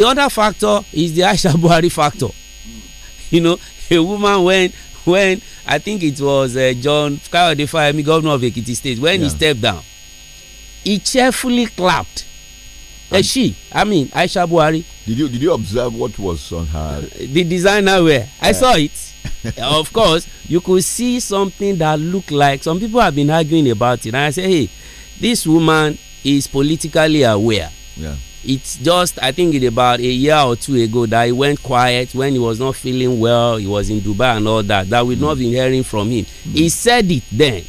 the other factor is the Aisha Buhari factor. You know, a woman when when I think it was uh, John Kayode Fayemi, governor of Ekiti State, when yeah. he stepped down, he cheerfully clapped. Uh, and uh, she, I mean Aisha Buhari. Did you did you observe what was on her? Uh, the designer wear. I saw it. Uh, of course, you could see something that looked like some people have been arguing about it. And I say, hey, this woman is politically aware. Yeah it's just i think it's about a year or two ago that he went quiet when he was not feeling well he was in dubai and all that that we mm. not been hearing from him mm. he said it then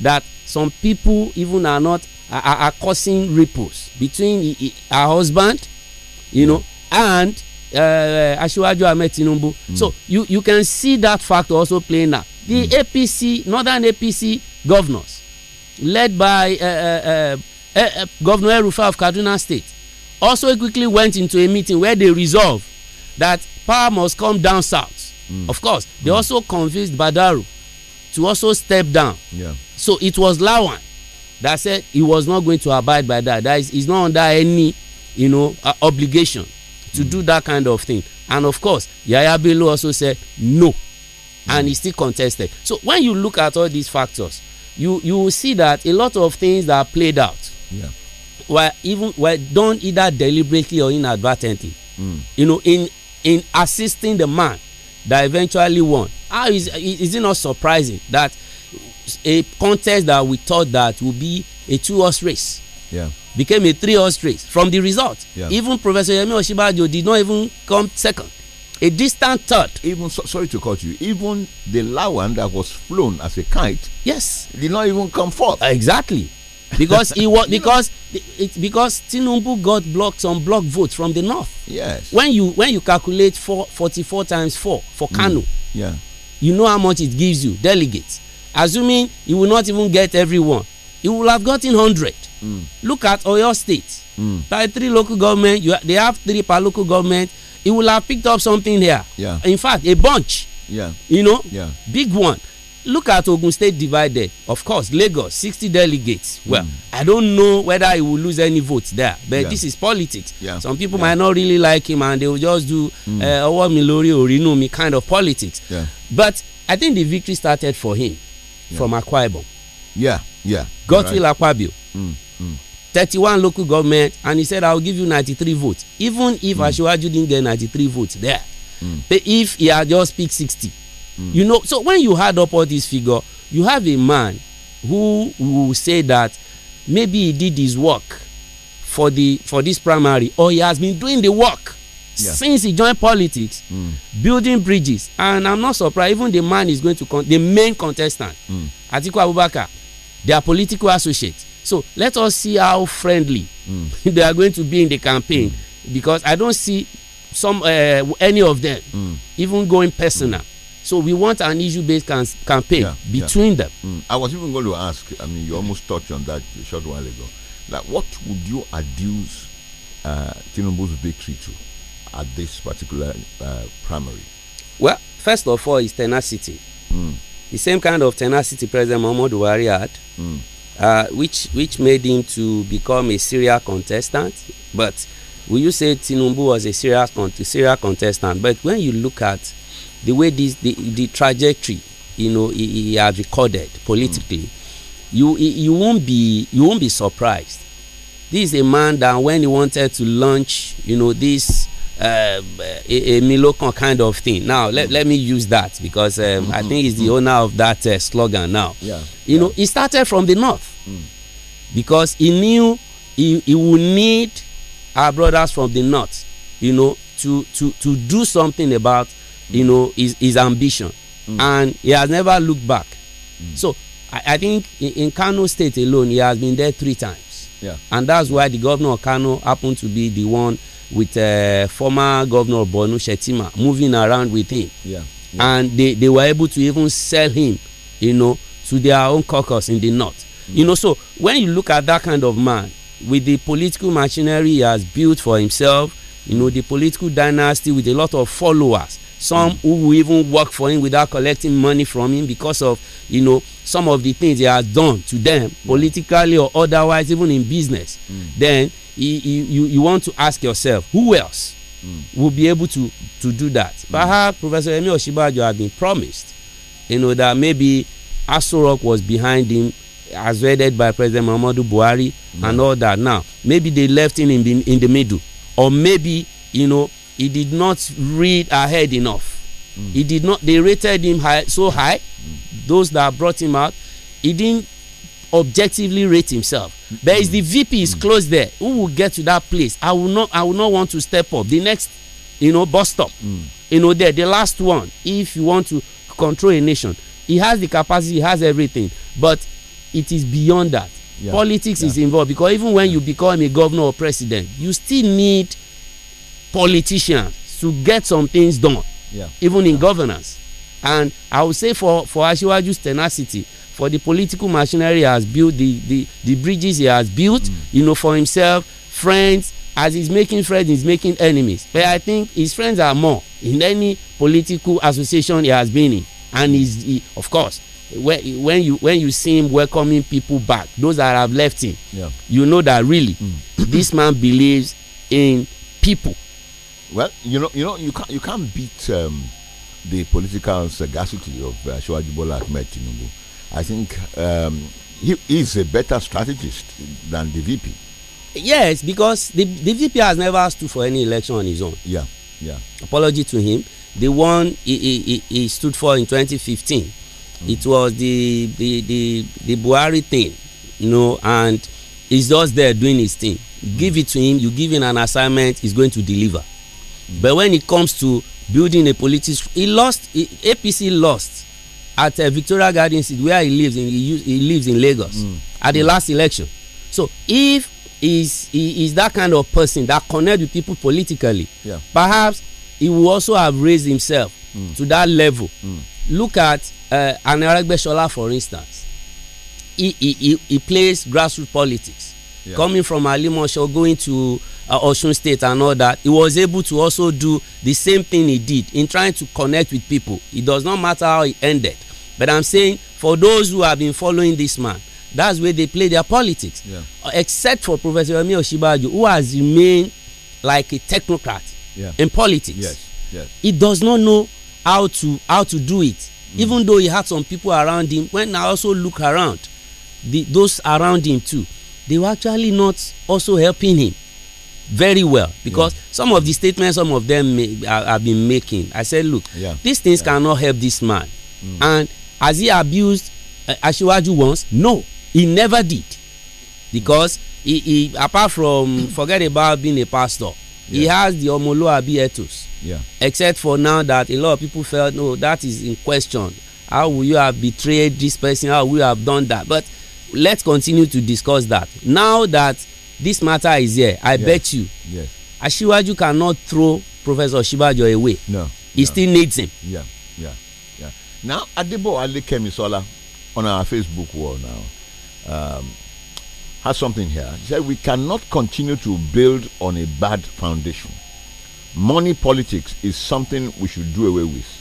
that some people even are not are, are causing ripples between her husband you know and uh, Asiwaju Ahmed Tinubu. Mm. So you you can see that fact also playing out. The mm. APC, northern APC governors, led by uh uh, uh, uh, uh, Governor Erufa of Kaduna State, also quickly went into a meeting where they resolved that power must come down south. Mm. Of course, they mm. also convinced Badaru to also step down. Yeah. So it was Lawan that said he was not going to abide by that. That is, he's not under any, you know, uh, obligation to mm. do that kind of thing. And of course, Yaya Bello also said no, mm. and he still contested. So when you look at all these factors, you you will see that a lot of things that played out. Yeah were even were done either deliberately or inadvertently. Mm. You know, in in assisting the man that eventually won. How is is it not surprising that a contest that we thought that would be a two-horse race? Yeah. Became a three-horse race from the result. Yeah. Even Professor Yemi Oshibajo did not even come second a distant third. even so, sorry to cut you even the lawan that was flown as a kite. yes did not even come forth. exactly because he was because it's because Tinubu got blocked some block votes from the north. Yes. When you when you calculate four, 44 times four for mm. Kano, mm. yeah, you know how much it gives you delegates. Assuming he will not even get everyone, he will have gotten hundred. Mm. Look at Oyo State. Mm. By three local government, you, they have three per local government. He will have picked up something here. Yeah. In fact, a bunch. Yeah. You know. Yeah. Big one look at ogun state divided of course lagos sixty delegates well mm. i don't know whether he will lose any votes there but yeah. this is politics yeah. some people yeah. might not really like him and they will just do hmm. eh, ọwọ́ mi lórí òrínú mi kind of politics but i think the victory started for him from akwa ibom yeah yeah godswill right. akpabio mm. mm. thirty-one local government and he said i will give you ninety-three votes even if mm. asiwaju didn't get ninety-three votes there hmm. but if he had just picked sixty Hmm. You know, so when you add up all these figure, you have a man who will say that maybe he did his work for the for this primary, or he has been doing the work yeah. since he joined politics, mm. building bridges, and I'm not surprised. Even the man is going to con the main contestant, mm. Atiku Abubakar, their political associate. So let us see how friendly mm. they are going to be in the campaign, hmm. because I don't see some uh, any of them hmm. even going personal so we want an issue-based campaign yeah, between yeah. them. Mm. I was even going to ask. I mean, you almost touched on that a short while ago. Like, what would you adduce uh, Tinubu's victory to at this particular uh, primary? Well, first of all, is tenacity. Mm. The same kind of tenacity President Muhammad Buhari had, mm. uh, which which made him to become a serial contestant. But will you say Tinubu was a serious con serial contestant? But when you look at the way this the, the trajectory you know he, he has recorded politically mm. you you won't be you won't be surprised this is a man that when he wanted to launch you know this uh, a, a Milokan kind of thing. Now, let, mm. let me use that because um, mm-hmm. I think he's the mm owner of that uh, slogan now. Yeah. You yeah. know, he started from the north mm. because he knew he, he would need our brothers from the north, you know, to, to, to do something about you know his, his ambition mm. and he has never looked back mm. so I, I, think in, in kano state alone he has been there three times yeah. and that's why the governor of kano happened to be the one with uh, former governor borno shetima moving around with him yeah. Yeah. and they they were able to even sell him you know to their own caucus in the north mm. you know so when you look at that kind of man with the political machinery he has built for himself you know the political dynasty with a lot of followers some who will even work for him without collecting money from him because of you know some of the things he has done to them mm. politically or otherwise even in business mm. then he, he, you, you want to ask yourself who else mm. will be able to to do that mm. perhaps professor emi oshibajo had been promised you know that maybe asorok was behind him as vetted by president muhammadu buhari and mm. all that now maybe they left him in the, in the middle or maybe you know he did not read ahead enough. Mm. He did not. They rated him high, so high. Mm. Those that brought him out, he didn't objectively rate himself. Mm. But if the VP is close there, who will get to that place? I will not. I will not want to step up. The next, you know, bus stop. Mm. You know, there the last one. If you want to control a nation, he has the capacity. He has everything. But it is beyond that. Yeah. Politics yeah. is involved because even when yeah. you become a governor or president, you still need politicians to get some things done yeah. even in yeah. governance and i would say for for asiwaju's tenacity for the political machinery he has built the the the bridges he has built mm. you know for himself friends as he's making friends he's making enemies but i think his friends are more in any political association he has been in and he's he, of course when, when you when you see him welcoming people back those that have left him yeah. you know that really mm. this man believes in people well, you know, you know, you can't you can't beat um, the political sagacity of uh, Shoajibola Ahmed Tinubu. I think um, he is a better strategist than the VP. Yes, because the, the VP has never stood for any election on his own. Yeah, yeah. Apology to him. The one he, he, he stood for in 2015, mm. it was the, the, the, the Buhari thing, you know, and he's just there doing his thing. Mm. Give it to him, you give him an assignment, he's going to deliver. But when it comes to building a politics, he lost. He, APC lost at uh, Victoria Gardens, where he lives in. He, he lives in Lagos mm. at the mm. last election. So if is he is that kind of person that connect with people politically, yeah. perhaps he will also have raised himself mm. to that level. Mm. Look at uh, Anaragbeshola, for instance. He, he, he, plays grassroots politics. Yeah. Coming from Alimosho, going to uh, Osun State and all that, he was able to also do the same thing he did in trying to connect with people. It does not matter how it ended. But I'm saying for those who have been following this man, that's where they play their politics. Yeah. Uh, except for Professor Yemi Oshibaju, who has remained like a technocrat yeah. in politics. Yes. Yes. He does not know how to how to do it. Mm. Even though he had some people around him, when I also look around, the, those around him too, they were actually not also helping him very well because yeah. some of the statements some of them have been making i said look yeah. these things yeah. cannot help this man mm. and has he abused uh, Ashiwaju once no he never did because he, he apart from forget about being a pastor he has the omoluabi ethos except for now that a lot of people felt no that is in question how will you have betrayed this person how will you have done that but let's continue to discuss that now that this matter is here i yes. bet you yes. ashiwaju cannot throw professor Shibajo away no he no. still needs him yeah yeah yeah now adebo alekemisola on our facebook wall now um, has something here he said we cannot continue to build on a bad foundation money politics is something we should do away with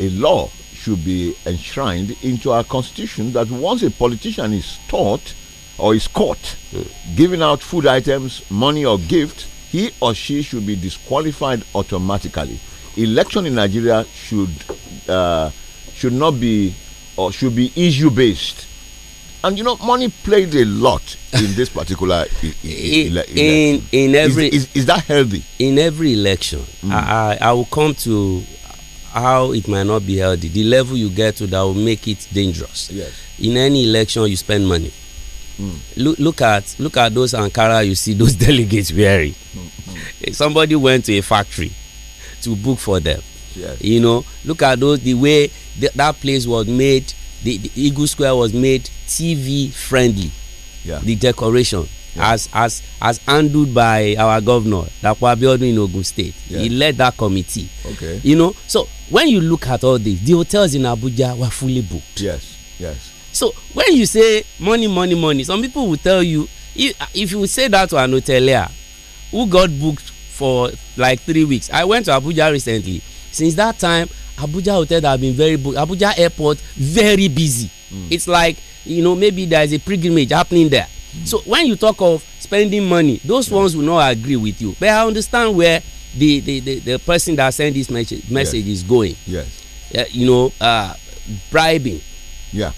a law should be enshrined into our constitution that once a politician is taught or is caught giving out food items, money, or gift, he or she should be disqualified automatically. Election in Nigeria should uh, should not be or should be issue based. And you know, money played a lot in this particular election. in, in, every is, is, is, that healthy? In every election, mm. I, I will come to how it might not be healthy. The level you get to that will make it dangerous. Yes. In any election, you spend money. Look, look at look at those Ankara you see those delegates wearing. Mm. Somebody went to a factory to book for them. Yes. You know, look at those the way that place was made. The, the, Eagle Square was made TV friendly. Yeah. The decoration. Yeah. As as as handled by our governor, Dakwabiodun in Ogun State. Yeah. He led that committee. Okay. You know, so when you look at all this, the hotels in Abuja were fully booked. Yes, yes so when you say money, money, money, some people will tell you if, if you say that to an hotelier who got booked for like three weeks. I went to Abuja recently. Since that time, Abuja hotels have been very booked. Abuja airport very busy. Mm. It's like you know maybe there is a pilgrimage happening there. Mm. So when you talk of spending money, those yeah. ones will not agree with you. But I understand where the the the, the person that sent this message message is going. Yes. Uh, you know, uh, bribing. Yeah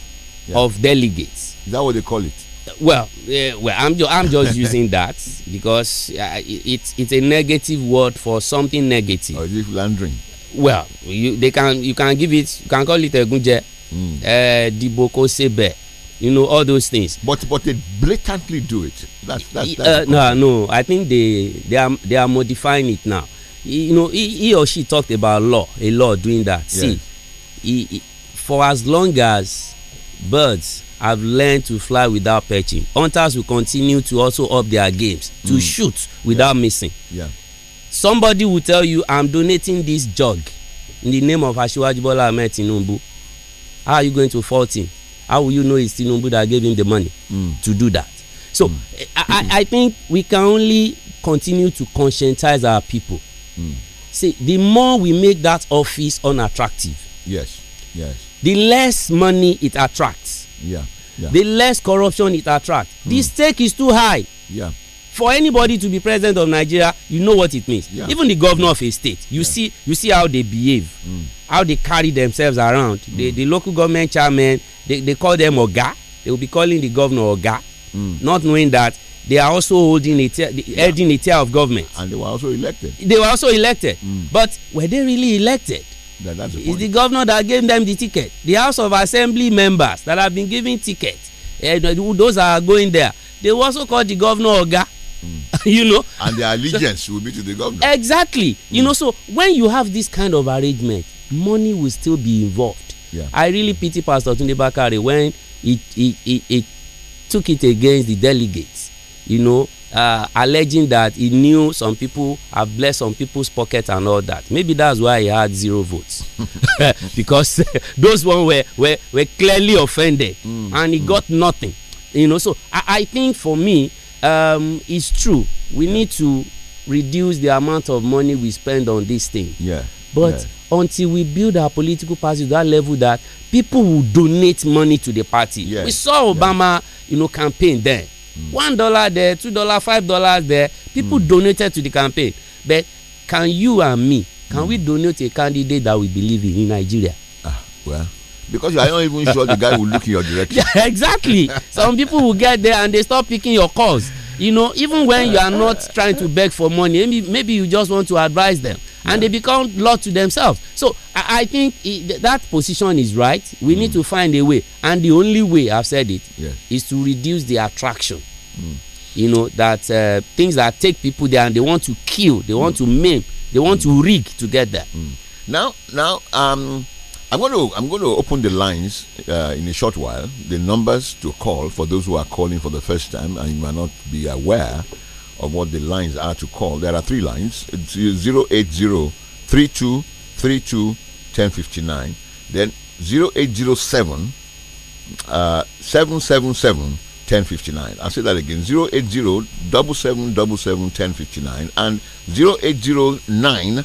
yeah. of delegates. Is that what they call it? Well, uh, well, I'm just I'm just using that because uh, it's it's a negative word for something negative. Or is it landering? Well, you they can you can give it you can call it a gunje, mm. uh, eh, diboko sebe you know all those things. But but they blatantly do it. That's that's, that's uh, no no. I think they they are they are modifying it now. You know he, he or she talked about law a law doing that. Yes. See, he, he, for as long as birds have learned to fly without perching. Hunters will continue to also up their games to mm. shoot without yeah. missing. Yeah. Somebody will tell you, I'm donating this jug in the name of Ashwajibola Ahmed How are you going to fault him? How will you know it's Tinumbu that gave him the money mm. to do that? So mm. I, I, think we can only continue to conscientize our people. Hmm. See, the more we make that office unattractive. Yes, yes the less money it attracts. Yeah. yeah. The less corruption it attracts. Mm. The hmm. stake is too high. Yeah. For anybody to be president of Nigeria, you know what it means. Yeah. Even the governor of a state, you yeah. see, you see how they behave, mm. how they carry themselves around. Mm. The, hmm. the local government chairman, they, they call them Oga. They will be calling the governor Oga, hmm. not knowing that they are also holding a tier, holding a tier of government. And they were also elected. They were also elected, but were they really elected? That, that's the it's the governor that gave them the ticket. The House of Assembly members that have been giving tickets, uh, eh, those are going there. They also call the governor Oga. Mm. you know. And their allegiance so, will be to the governor. Exactly. Mm. You hmm. know, so when you have this kind of arrangement, money will still be involved. Yeah. I really pity Pastor Tunde Bakari when he took it against the delegates. You know, uh, alleging that he knew some people have blessed some people's pockets and all that. Maybe that's why he had zero votes because those ones were, were were clearly offended mm. and he mm. got nothing. You know, so I, I think for me, um, it's true. We yeah. need to reduce the amount of money we spend on this thing. Yeah. But yeah. until we build our political party to that level that people will donate money to the party. Yeah. We saw Obama, you know, campaign then one dollar there two dollar five dollars there people mm. donated to the campaign but can you and me can mm. we donate a candidate that we believe in in nigeria. ah well because you are not even sure the guy will look in your direction. yeah exactly some people will get there and they stop picking your calls you know even when you are not trying to beg for money maybe, maybe you just want to advise them yeah. and they become law to themselves so i, I think it, that position is right we mm. need to find a way and the only way i've said it yeah. is to reduce the attraction mm. you know that uh, things that take people there and they want to kill they want mm. to maim they want mm. to rig to get there mm. now now um I'm going to I'm going to open the lines uh, in a short while. The numbers to call for those who are calling for the first time and you may not be aware of what the lines are to call. There are three lines: it's 080 32 32 1059, then 0807 uh, 777 1059. I'll say that again 080 1059 and 0809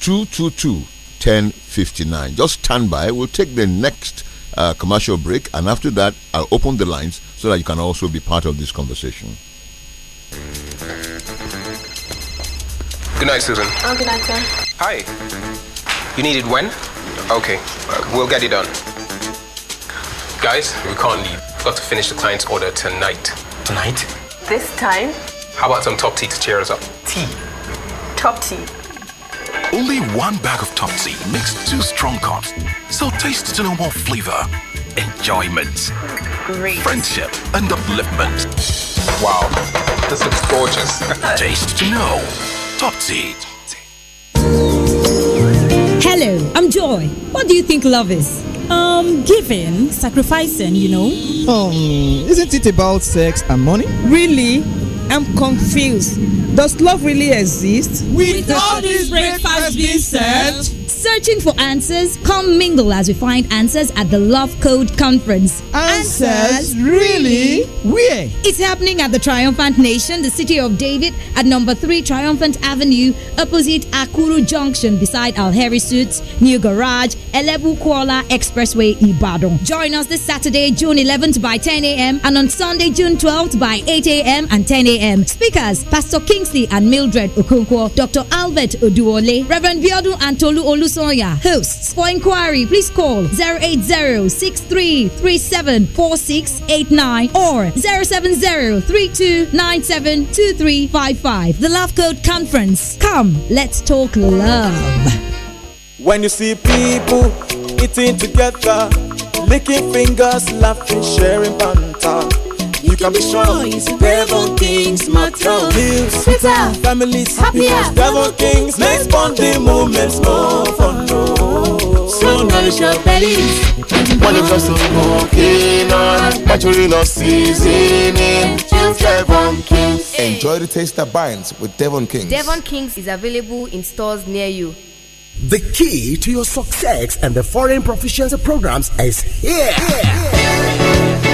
222 1059. Just stand by. We'll take the next uh, commercial break, and after that, I'll open the lines so that you can also be part of this conversation. Good night, Susan. Oh, good night, sir. Hi. You needed when? Okay, we'll get it done. Guys, we can't leave. We've got to finish the client's order tonight. Tonight? This time? How about some top tea to cheer us up? Tea. Top tea. Only one bag of Topsy makes two strong cups. So taste to know more flavor, enjoyment, Great. friendship, and upliftment. Wow, this looks gorgeous. taste to know. Topsy. Hello, I'm Joy. What do you think love is? Um, giving, sacrificing, you know. Um, isn't it about sex and money? Really? I'm confused. Does love really exist? With all these breakfasts being served, searching for answers? Come mingle as we find answers at the Love Code Conference. Answers? answers? Really? Where? It's happening at the Triumphant Nation, the City of David, at number 3 Triumphant Avenue, opposite Akuru Junction, beside Alheri Suits, New Garage, Elebu Kuala Expressway, Ibadan. Join us this Saturday, June 11th by 10 a.m. and on Sunday, June 12th by 8 a.m. and 10 a.m. Speakers, Pastor Kingsley and Mildred Okonkwo, Dr. Albert Oduole, Reverend Biodu and Tolu Olus Sawyer. Hosts. For inquiry, please call 080-6337-4689 or 070-3297-2355. The Love Code Conference. Come, let's talk love. When you see people eating together, licking fingers, laughing, sharing banter you can be strong. Devon things matter. Live sweeter, families happier. Devil things makes bonding moments more fun. So nourish your bellies. When it comes to smoking on, naturally love seasoning. Devon Kings. Enjoy the taste that binds with Devon Kings. Devon Kings is available in stores near you. The key to your success and the foreign proficiency programs is here. here.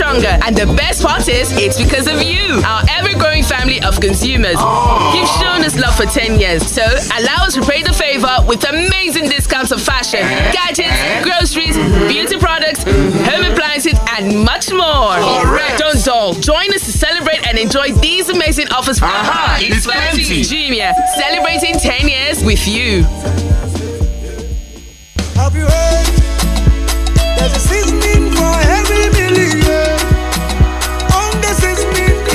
stronger. And the best part is, it's because of you, our ever growing family of consumers. Oh. You've shown us love for 10 years. So allow us to pay the favor with amazing discounts of fashion, gadgets, groceries, beauty products, home appliances, and much more. Correct. Don't dull. Join us to celebrate and enjoy these amazing offers. Aha, uh -huh, it's, it's plenty. celebrating 10 years with you. Have you heard? There's a seasoning for every believer.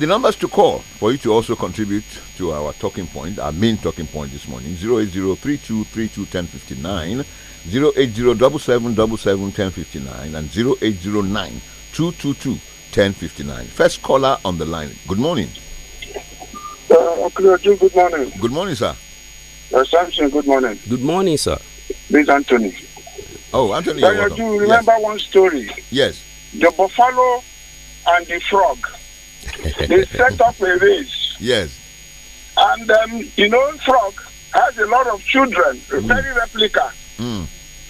The numbers to call for you to also contribute to our talking point, our main talking point this morning 08032321059, 08077771059, and 1059 First caller on the line. Good morning. Uh, good morning. Good morning, sir. Uh, Samson, good morning. Good morning, sir. This Anthony. Oh, Anthony. I you remember yes. one story? Yes. The buffalo and the frog they set up a race. Yes. And um, you know, frog has a lot of children, mm. very replica. Mm.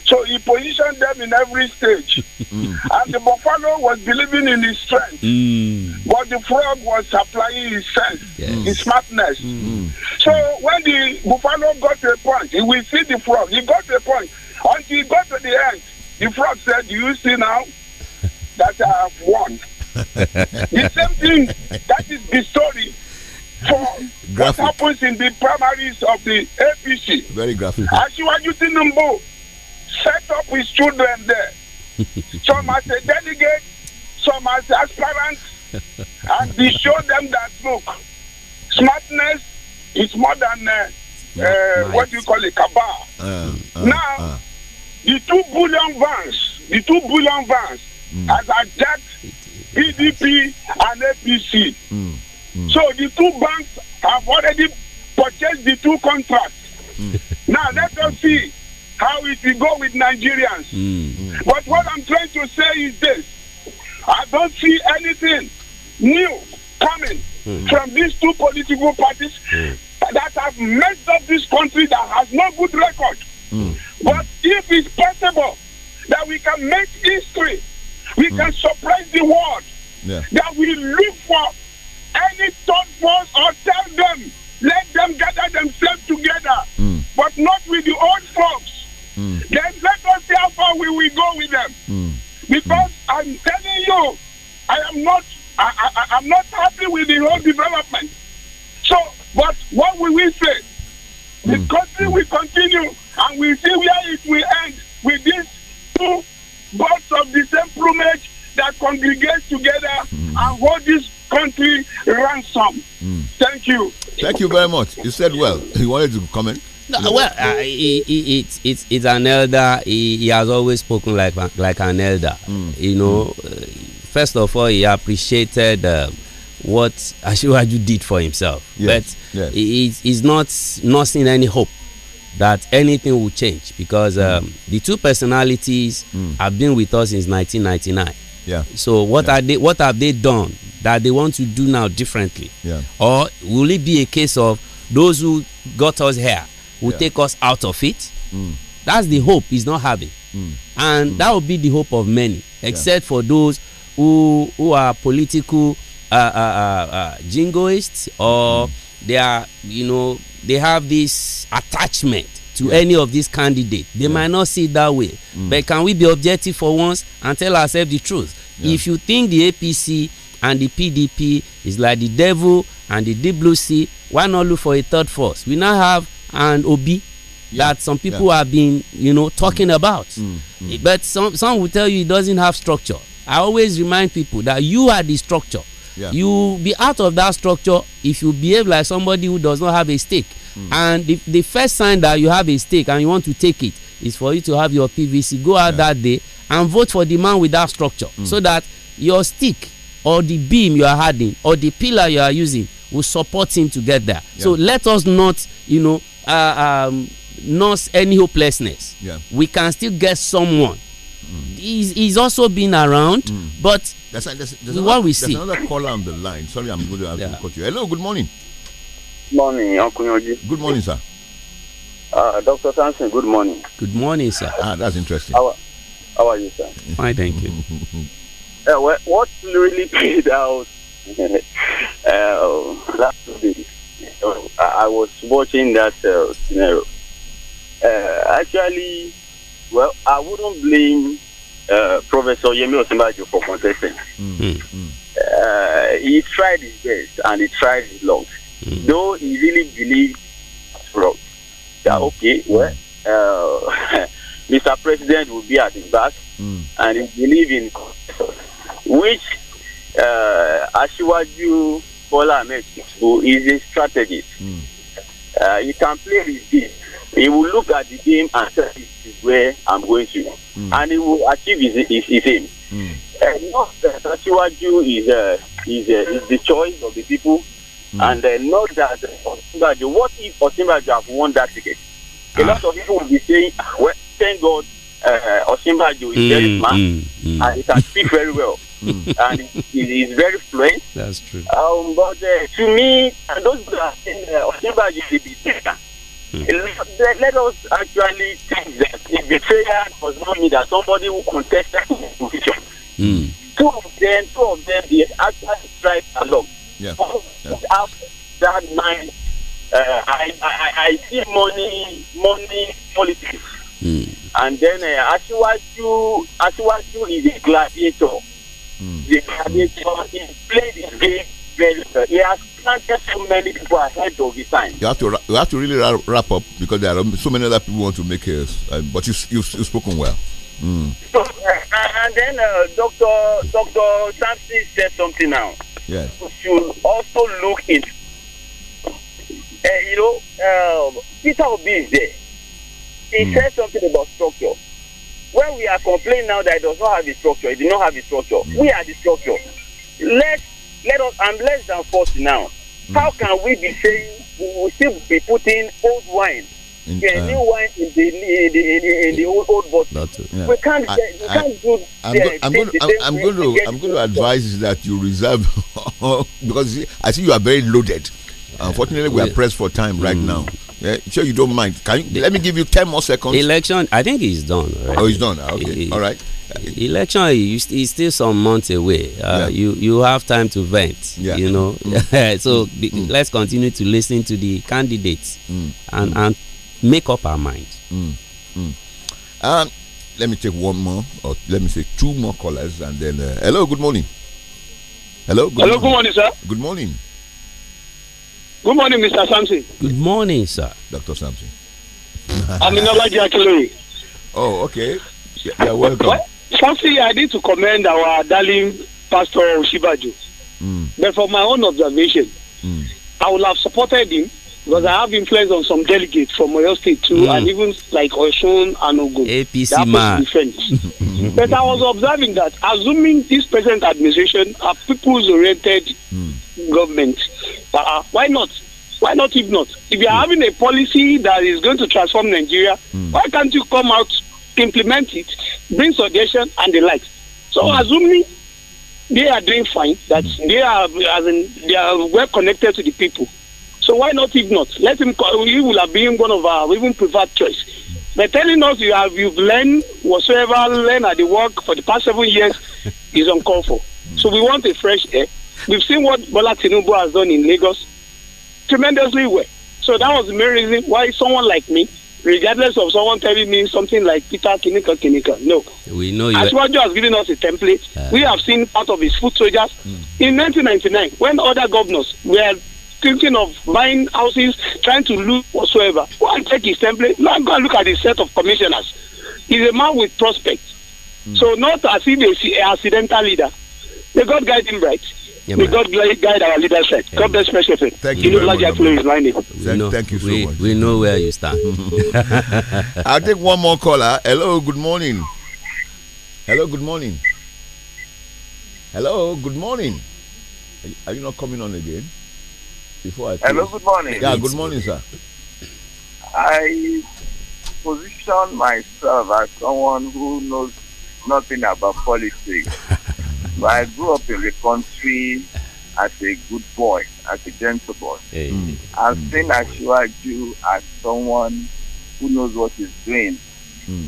So he positioned them in every stage. Mm. And the buffalo was believing in his strength. Mm. But the frog was supplying his sense, yes. his smartness. Mm. So when the buffalo got to a point, he will see the frog. He got to a point. Until he got to the end, the frog said, Do you see now that I have won? the same thing. That is the story for graphic. what happens in the primaries of the APC. Very graphic. As you are Ashiwaju Tinubu set up his children there. some as a delegate, some as aspirants, and he showed them that look, smartness is more than uh, uh, what do you call it, cabal. Uh, uh, now, uh. the two bullion vans, the two bullion vans, mm. I attacked PDP and APC. Mm. Mm. So the two banks have already purchased the two contracts. Mm. Now let us see how it will go with Nigerians. Hmm. Hmm. But what I'm trying to say is this I don't see anything new coming hmm. from these two political parties that have messed up this country that has no good record. But if it's possible that we can make history we mm. can hmm. surprise the world yeah. that we look for any thought force or tell them, let them gather themselves together, mm. but not with the old folks. Mm. Then let us see how far we will go with them. Hmm. Hmm. Because I'm telling you, I am not I, I, I'm not happy with the whole development. So, but what will we say? The country will continue and we see where it will end with these two gods of the same plumage that congregate together mm. and hold this country ransom. Mm. Thank you. Thank you very much. You said well. You wanted to comment? No, well, uh, he, he, it's an elder. He, he, has always spoken like like an elder. Mm. You know, mm. uh, first of all, he appreciated uh, what Ashiwaju did for himself. Yes. But yes. he's not not seeing any hope that anything will change because mm. um, mm. the two personalities mm. have been with us since 1999. Yeah. So what yeah. are they? What have they done that they want to do now differently? Yeah. Or will it be a case of those who got us here will yeah. take us out of it? Mm. That's the hope he's not having, mm. and mm. that will be the hope of many, except yeah. for those who who are political uh, uh, uh, uh jingoists or they are you know they have this attachment to yeah. any of these candidates. They yeah. might not see it that way. Mm. But can we be objective for once and tell ourselves the truth? Yeah. If you think the APC and the PDP is like the devil and the deep blue sea, why not look for a third force? We now have an OB that some people have been, you know, talking mm. about. Mm. mm. But some some will tell you it doesn't have structure. I always remind people that you are the structure. Yeah. You be out of that structure if you behave like somebody who does not have a stake. Mm. And the, the first sign that you have a stake and you want to take it is for you to have your PVC. Go out yeah. that day and vote for the man with that structure mm. so that your stick or the beam you are holding or the pillar you are using will support him to get there. Yeah. So let us not, you know, uh, um, nurse any hopelessness. Yeah. We can still get someone. Mm. He's, he's also been around, mm. but that's, that's, that's another, what we see. another caller on the line. Sorry, I'm going to have yeah. to cut you. Hello, good morning. Morning, Good morning, sir. Uh, Dr. Thompson. good morning. Good morning, sir. Ah, that's interesting. How, how are you, sir? Fine, thank you. uh, well, what really paid out uh, last week, uh, I was watching that uh, scenario. Uh, actually, well, I wouldn't blame uh, Professor Yemi Osinbajo for contesting. Mm. mm. Uh, he tried his best and he tried his luck. Mm. Though he really believed wrong that mm. okay, well, uh, Mr. President will be at his back mm. and he believed in which uh, Ashiwaju Bola Ahmed who is a strategist. Mm. Uh, he can play his game he will look at the game and say, this is where I'm going to. Mm. And he will achieve his, his, his aim. Mm. And not that Asiwaju is, uh, is, uh, is the choice of the people. Mm. And uh, not that Osimbajo, what if Osimbajo have won that ticket? A ah. lot of people will be saying, ah, well, thank God uh, is mm, very hmm, smart mm, mm. and he can speak very well hmm. and he is very fluent. That's true. Um, but uh, to me, those that are saying uh, is a bit Hmm. Let, let, us actually think that a betrayal does not mean that somebody who contested his position. Mm. Two of them, two of them, they actually strike along. Yeah. yeah. After that mind, uh, I, I, I see money, money politics. Mm. And then uh, Asiwaju, Asiwaju is a gladiator. Mm. The gladiator, he played his game very He has planted so many people ahead of his time. You have to you have to really wrap up because there are so many other people who want to make it. Uh, but you you've, you've spoken well. Mm. So, uh, uh and then uh, Doctor Doctor Sampson said something now. Yes. We should also look into. Uh, you know, um, Peter Obi is there. He mm. said something about structure when we are complaining now that it does not have a structure, it did not have a structure. Mm. We are the structure. Let's let us. I'm less than forty now. Mm. How can we be saying we will still be putting old wine? In, uh, new wine in the in the, in the, in the old old bottle. Yeah. We can't. I, we can't do. I'm, go, I'm going. I'm going to. I'm going to advise you that you reserve because I see you are very loaded. Unfortunately, we are pressed for time right mm. now. Yeah, sure you don't mind. Can you, let me give you ten more seconds? Election, I think he's done. Oh, he's done. Okay, he, all right election is still some months away. Uh, yeah. You you have time to vent. Yeah. You know, mm. so mm. mm. let's continue to listen to the candidates mm. and and make up our mind. Um, let me take one more, or let me say two more callers, and then uh, hello, good morning. Hello, good hello, morning. good morning, sir. Good morning. Good morning, Mr. Sampson. Good morning, sir. Dr. Sampson. I'm in Oh, okay. Yeah, welcome. What? firstly, I need to commend our darling Pastor Shibajo. Mm. But from my own observation, mm. I would have supported him because I have influence on some delegates from Oyo State too, mm. and even like Oshun and Ogun. APC man. but I was observing that, assuming this present administration are people's-oriented mm. government, uh, why not? Why not? If not, if you are hmm. having a policy that is going to transform Nigeria, hmm. why can't you come out implement it, bring suggestion and the likes. So mm. assuming they are doing fine, that mm. they are as in, they are well connected to the people. So why not if not? Let him he will have been one of our even preferred choice. But telling us you have you've learned whatsoever learned at the work for the past seven years is uncalled for. Mm. So we want a fresh air. We've seen what Bola Tinubu has done in Lagos tremendously well. So that was the main reason why someone like me regardless of someone telling me something like Peter Kinika Kinika. No. We know you. Ashwaju has given us a template. Uh, we have seen part of his foot soldiers. Mm. In 1999, when other governors were thinking of buying houses, trying to loot whatsoever, go and take his template. Now go and look at his set of commissioners. He's a man with prospects. Mm. So not as if he's an accidental leader. They got guiding right. Yeah, May God guide our leadership. Yeah. God bless Fresh FM. Thank you. You look like is lining. Thank, thank you so we, much. We know where you stand. I'll take one more caller. Hello, good morning. Hello, good morning. Hello, good morning. Are you, are you not coming on again? Before I Hello, good morning. Yeah, good morning, sir. I position myself as someone who knows nothing about politics. I grew up in the country as a good boy, as a gentle boy. Hey. Hmm. I've mm. you Ashwaju as someone who knows what he's doing. Mm.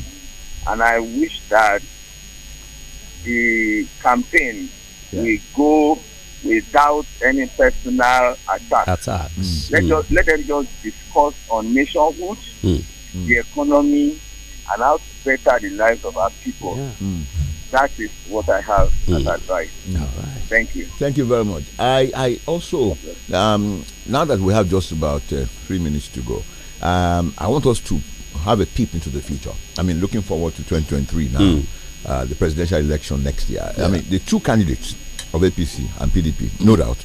And I wish that the campaign yeah. will go without any personal attack. attacks. Hmm. Let, hmm. just, let them just discuss on nationhood, the economy, and how to better the lives of our people. Yeah that is what I have yeah. as advice. All right. Thank you. Thank you very much. I, I also, um, now that we have just about uh, three minutes to go, um, I want us to have a peep into the future. I mean, looking forward to 2023 now, mm. uh, the presidential election next year. Yeah. I mean, the two candidates of APC and PDP, no doubt,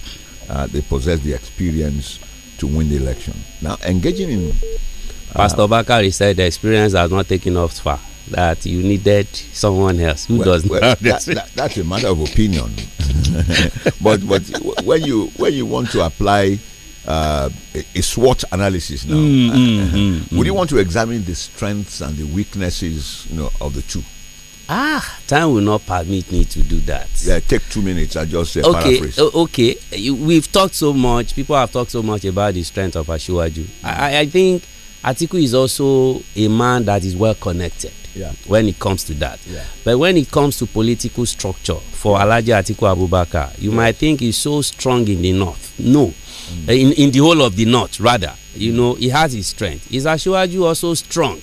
uh, they possess the experience to win the election. Now, engaging in. Uh, Pastor Bakari said the experience has not taken off far that you needed someone else who well, does well, not. That, that, that's a matter of opinion. but but when you when you want to apply uh, a, a SWOT analysis now, mm, mm, mm, would mm. you want to examine the strengths and the weaknesses you know, of the two? Ah, time will not permit me to do that. Yeah, take two minutes. I just uh, okay. Paraphrase. Okay, we've talked so much. People have talked so much about the strength of Ashuaju. I, I think Atiku is also a man that is well connected yeah. when it comes to that. Yeah. But when it comes to political structure for Alaji Atiku Abubakar, you yeah. might think he's so strong in the north. No, mm. in, in the whole of the north, rather. Mm. You know, he has his strength. Is Ashwaju also strong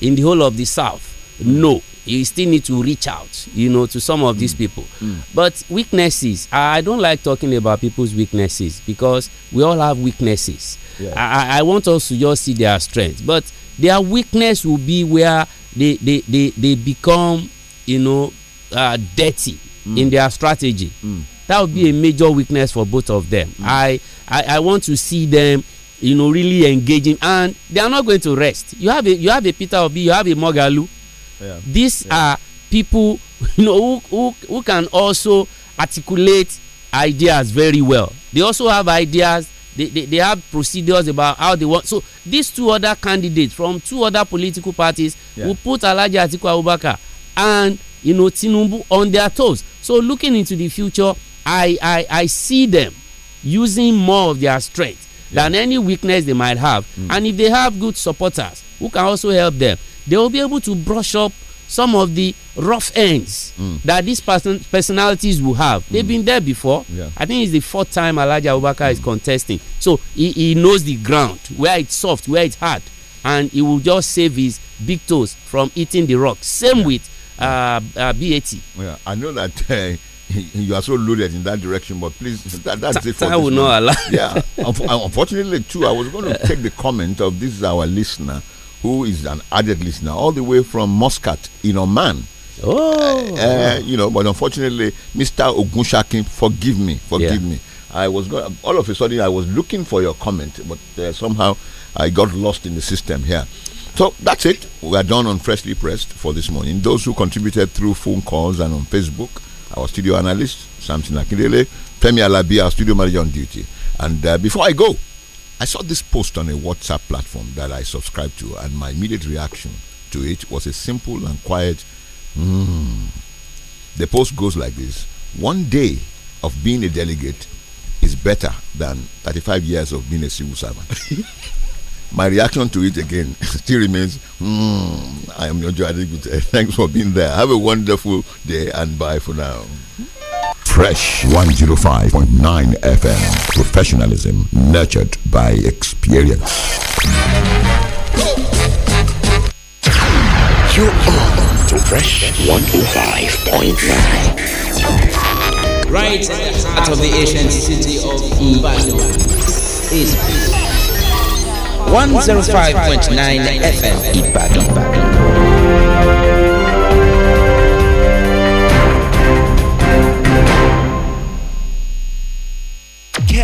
in the whole of the south? Mm. No, you still need to reach out, you know, to some of mm. these people. Mm. But weaknesses, I don't like talking about people's weaknesses because we all have weaknesses. I, I want us to just see their strengths, But their weakness will be where they they they, they become you know uh, dirty mm. in their strategy mm. that would be a mm. major weakness for both of them mm. I, I i want to see them you know really engaging and they are not going to rest you have a you have a peter obi you have a mogalu yeah. these yeah. are people you know who, who who can also articulate ideas very well they also have ideas they, they, they have procedures about how they want. So these two other candidates from two other political parties yeah. will put Alhaji Atiku Abubakar and you know Tinubu on their toes. So looking into the future, I I, I see them using more of their strength yeah. than any weakness they might have. Mm. And if they have good supporters who can also help them, they will be able to brush up some of the rough ends mm. that these person personalities will have. Mm. They've been there before. Yeah. I think it's the fourth time Alaja Obaka mm. is contesting. So he, he knows the ground, where it's soft, where it's hard. And he will just save his big toes from eating the rock. Same yeah. with uh, uh, BAT. Yeah, I know that uh, you are so loaded in that direction, but please, that, that's Ta it for I will not allow. Yeah, unfortunately, too, I was going to take the comment of this is our listener who is an added listener, all the way from Muscat in Oman. Oh, uh, uh, you know, but unfortunately, Mr. Ogunshakin, forgive me, forgive yeah. me. I was going, all of a sudden, I was looking for your comment, but uh, somehow I got lost in the system here. So that's it. We are done on Freshly Pressed for this morning. Those who contributed through phone calls and on Facebook, our studio analyst, Samson Akindele, Femi Alabi, our studio manager on duty. And before I go, I saw this post on a WhatsApp platform that I subscribed to, and my immediate reaction to it was a simple and quiet, "Hmm." The post goes like this One day of being a delegate is better than 35 years of being a civil servant. my reaction to it again still remains, "Hmm." I am your Joe Thanks for being there. Have a wonderful day, and bye for now. Fresh 105.9 FM. Professionalism nurtured by experience. You are to Fresh 105.9. Right out of the ancient city of Ibadan is 105.9 FM Ibadan. Oh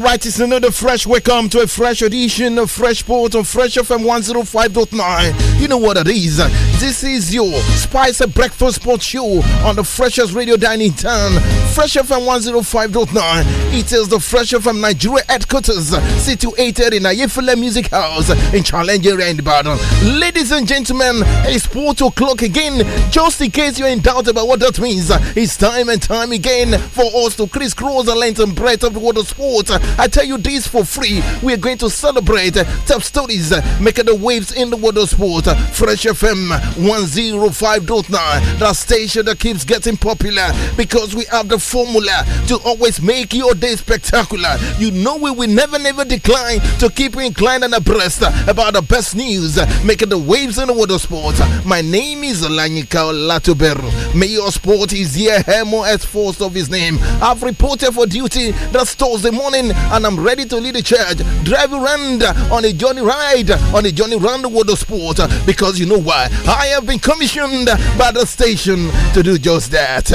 Right, it's another fresh welcome to a fresh edition of Fresh Port on Fresh FM 105.9. You know what it is. This is your Spice Breakfast sports Show on the freshest radio dining town, Fresh FM 105.9. It is the Fresh FM Nigeria headquarters situated in Ayefele Music House in Challenger and Ibadan. Ladies and gentlemen, it's 4 o'clock again. Just in case you're in doubt about what that means, it's time and time again for us to crisscross the length and breadth of the world of sports. I tell you this for free. We are going to celebrate uh, top stories uh, making the waves in the world of sport. Uh, Fresh FM 105.9, the station that keeps getting popular because we have the formula to always make your day spectacular. You know we will never, never decline to keep you inclined and abreast about the best news making the waves in the world of sport. My name is Lanyika Latuberu. May your sport is here, Hemo as force of his name. I've reported for duty that Thursday morning and I'm ready to lead the church. Drive around on a journey ride, on a journey around the world of sport because you know why? I have been commissioned by the station to do just that.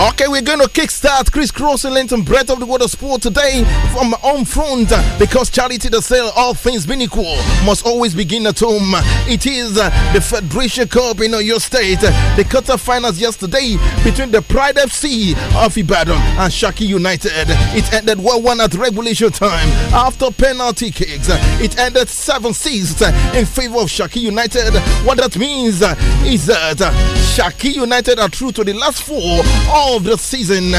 Okay, we're going to kickstart Chris Cross and Linton Breath of the Water Sport today from own front because charity does sale, all things being equal, must always begin at home. It is the Federation Cup in your state. The quarterfinals yesterday between the Pride FC of Ibadan and Shaki United. It ended 1 1 at regulation time after penalty kicks. It ended 7 6 in favor of Shaki United. What that means is that Shaki United are through to the last four of the season.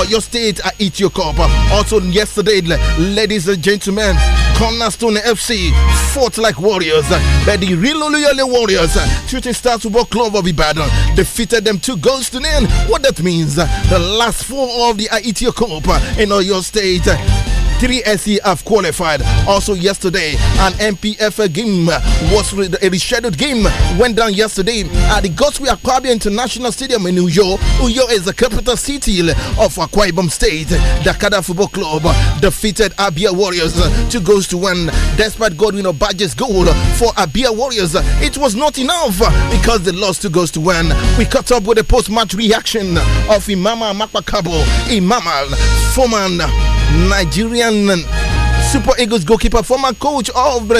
of your state at Eat Your Cup. Also, yesterday, ladies and gentlemen, Cornerstone FC fought like warriors, but the real Oluyole Warriors, Shooting Stars Football Club of Ibadan, defeated them two goals to nil. What that means, the last four of the Aitio Cup in your state Three SE have qualified. Also, yesterday, an MPFA game was a rescheduled game went down yesterday at the Goswe Aquabia International Stadium in Uyo. Uyo is the capital city of Akwa Ibom State. Dakada Football Club defeated Abia Warriors two goals to one. Despite Godwin Obadjes goal for Abia Warriors, it was not enough because they lost two goals to one. We caught up with the post-match reaction of Imama Makpakabo, Imama Foman. Nigerian Super Eagles goalkeeper, former coach of the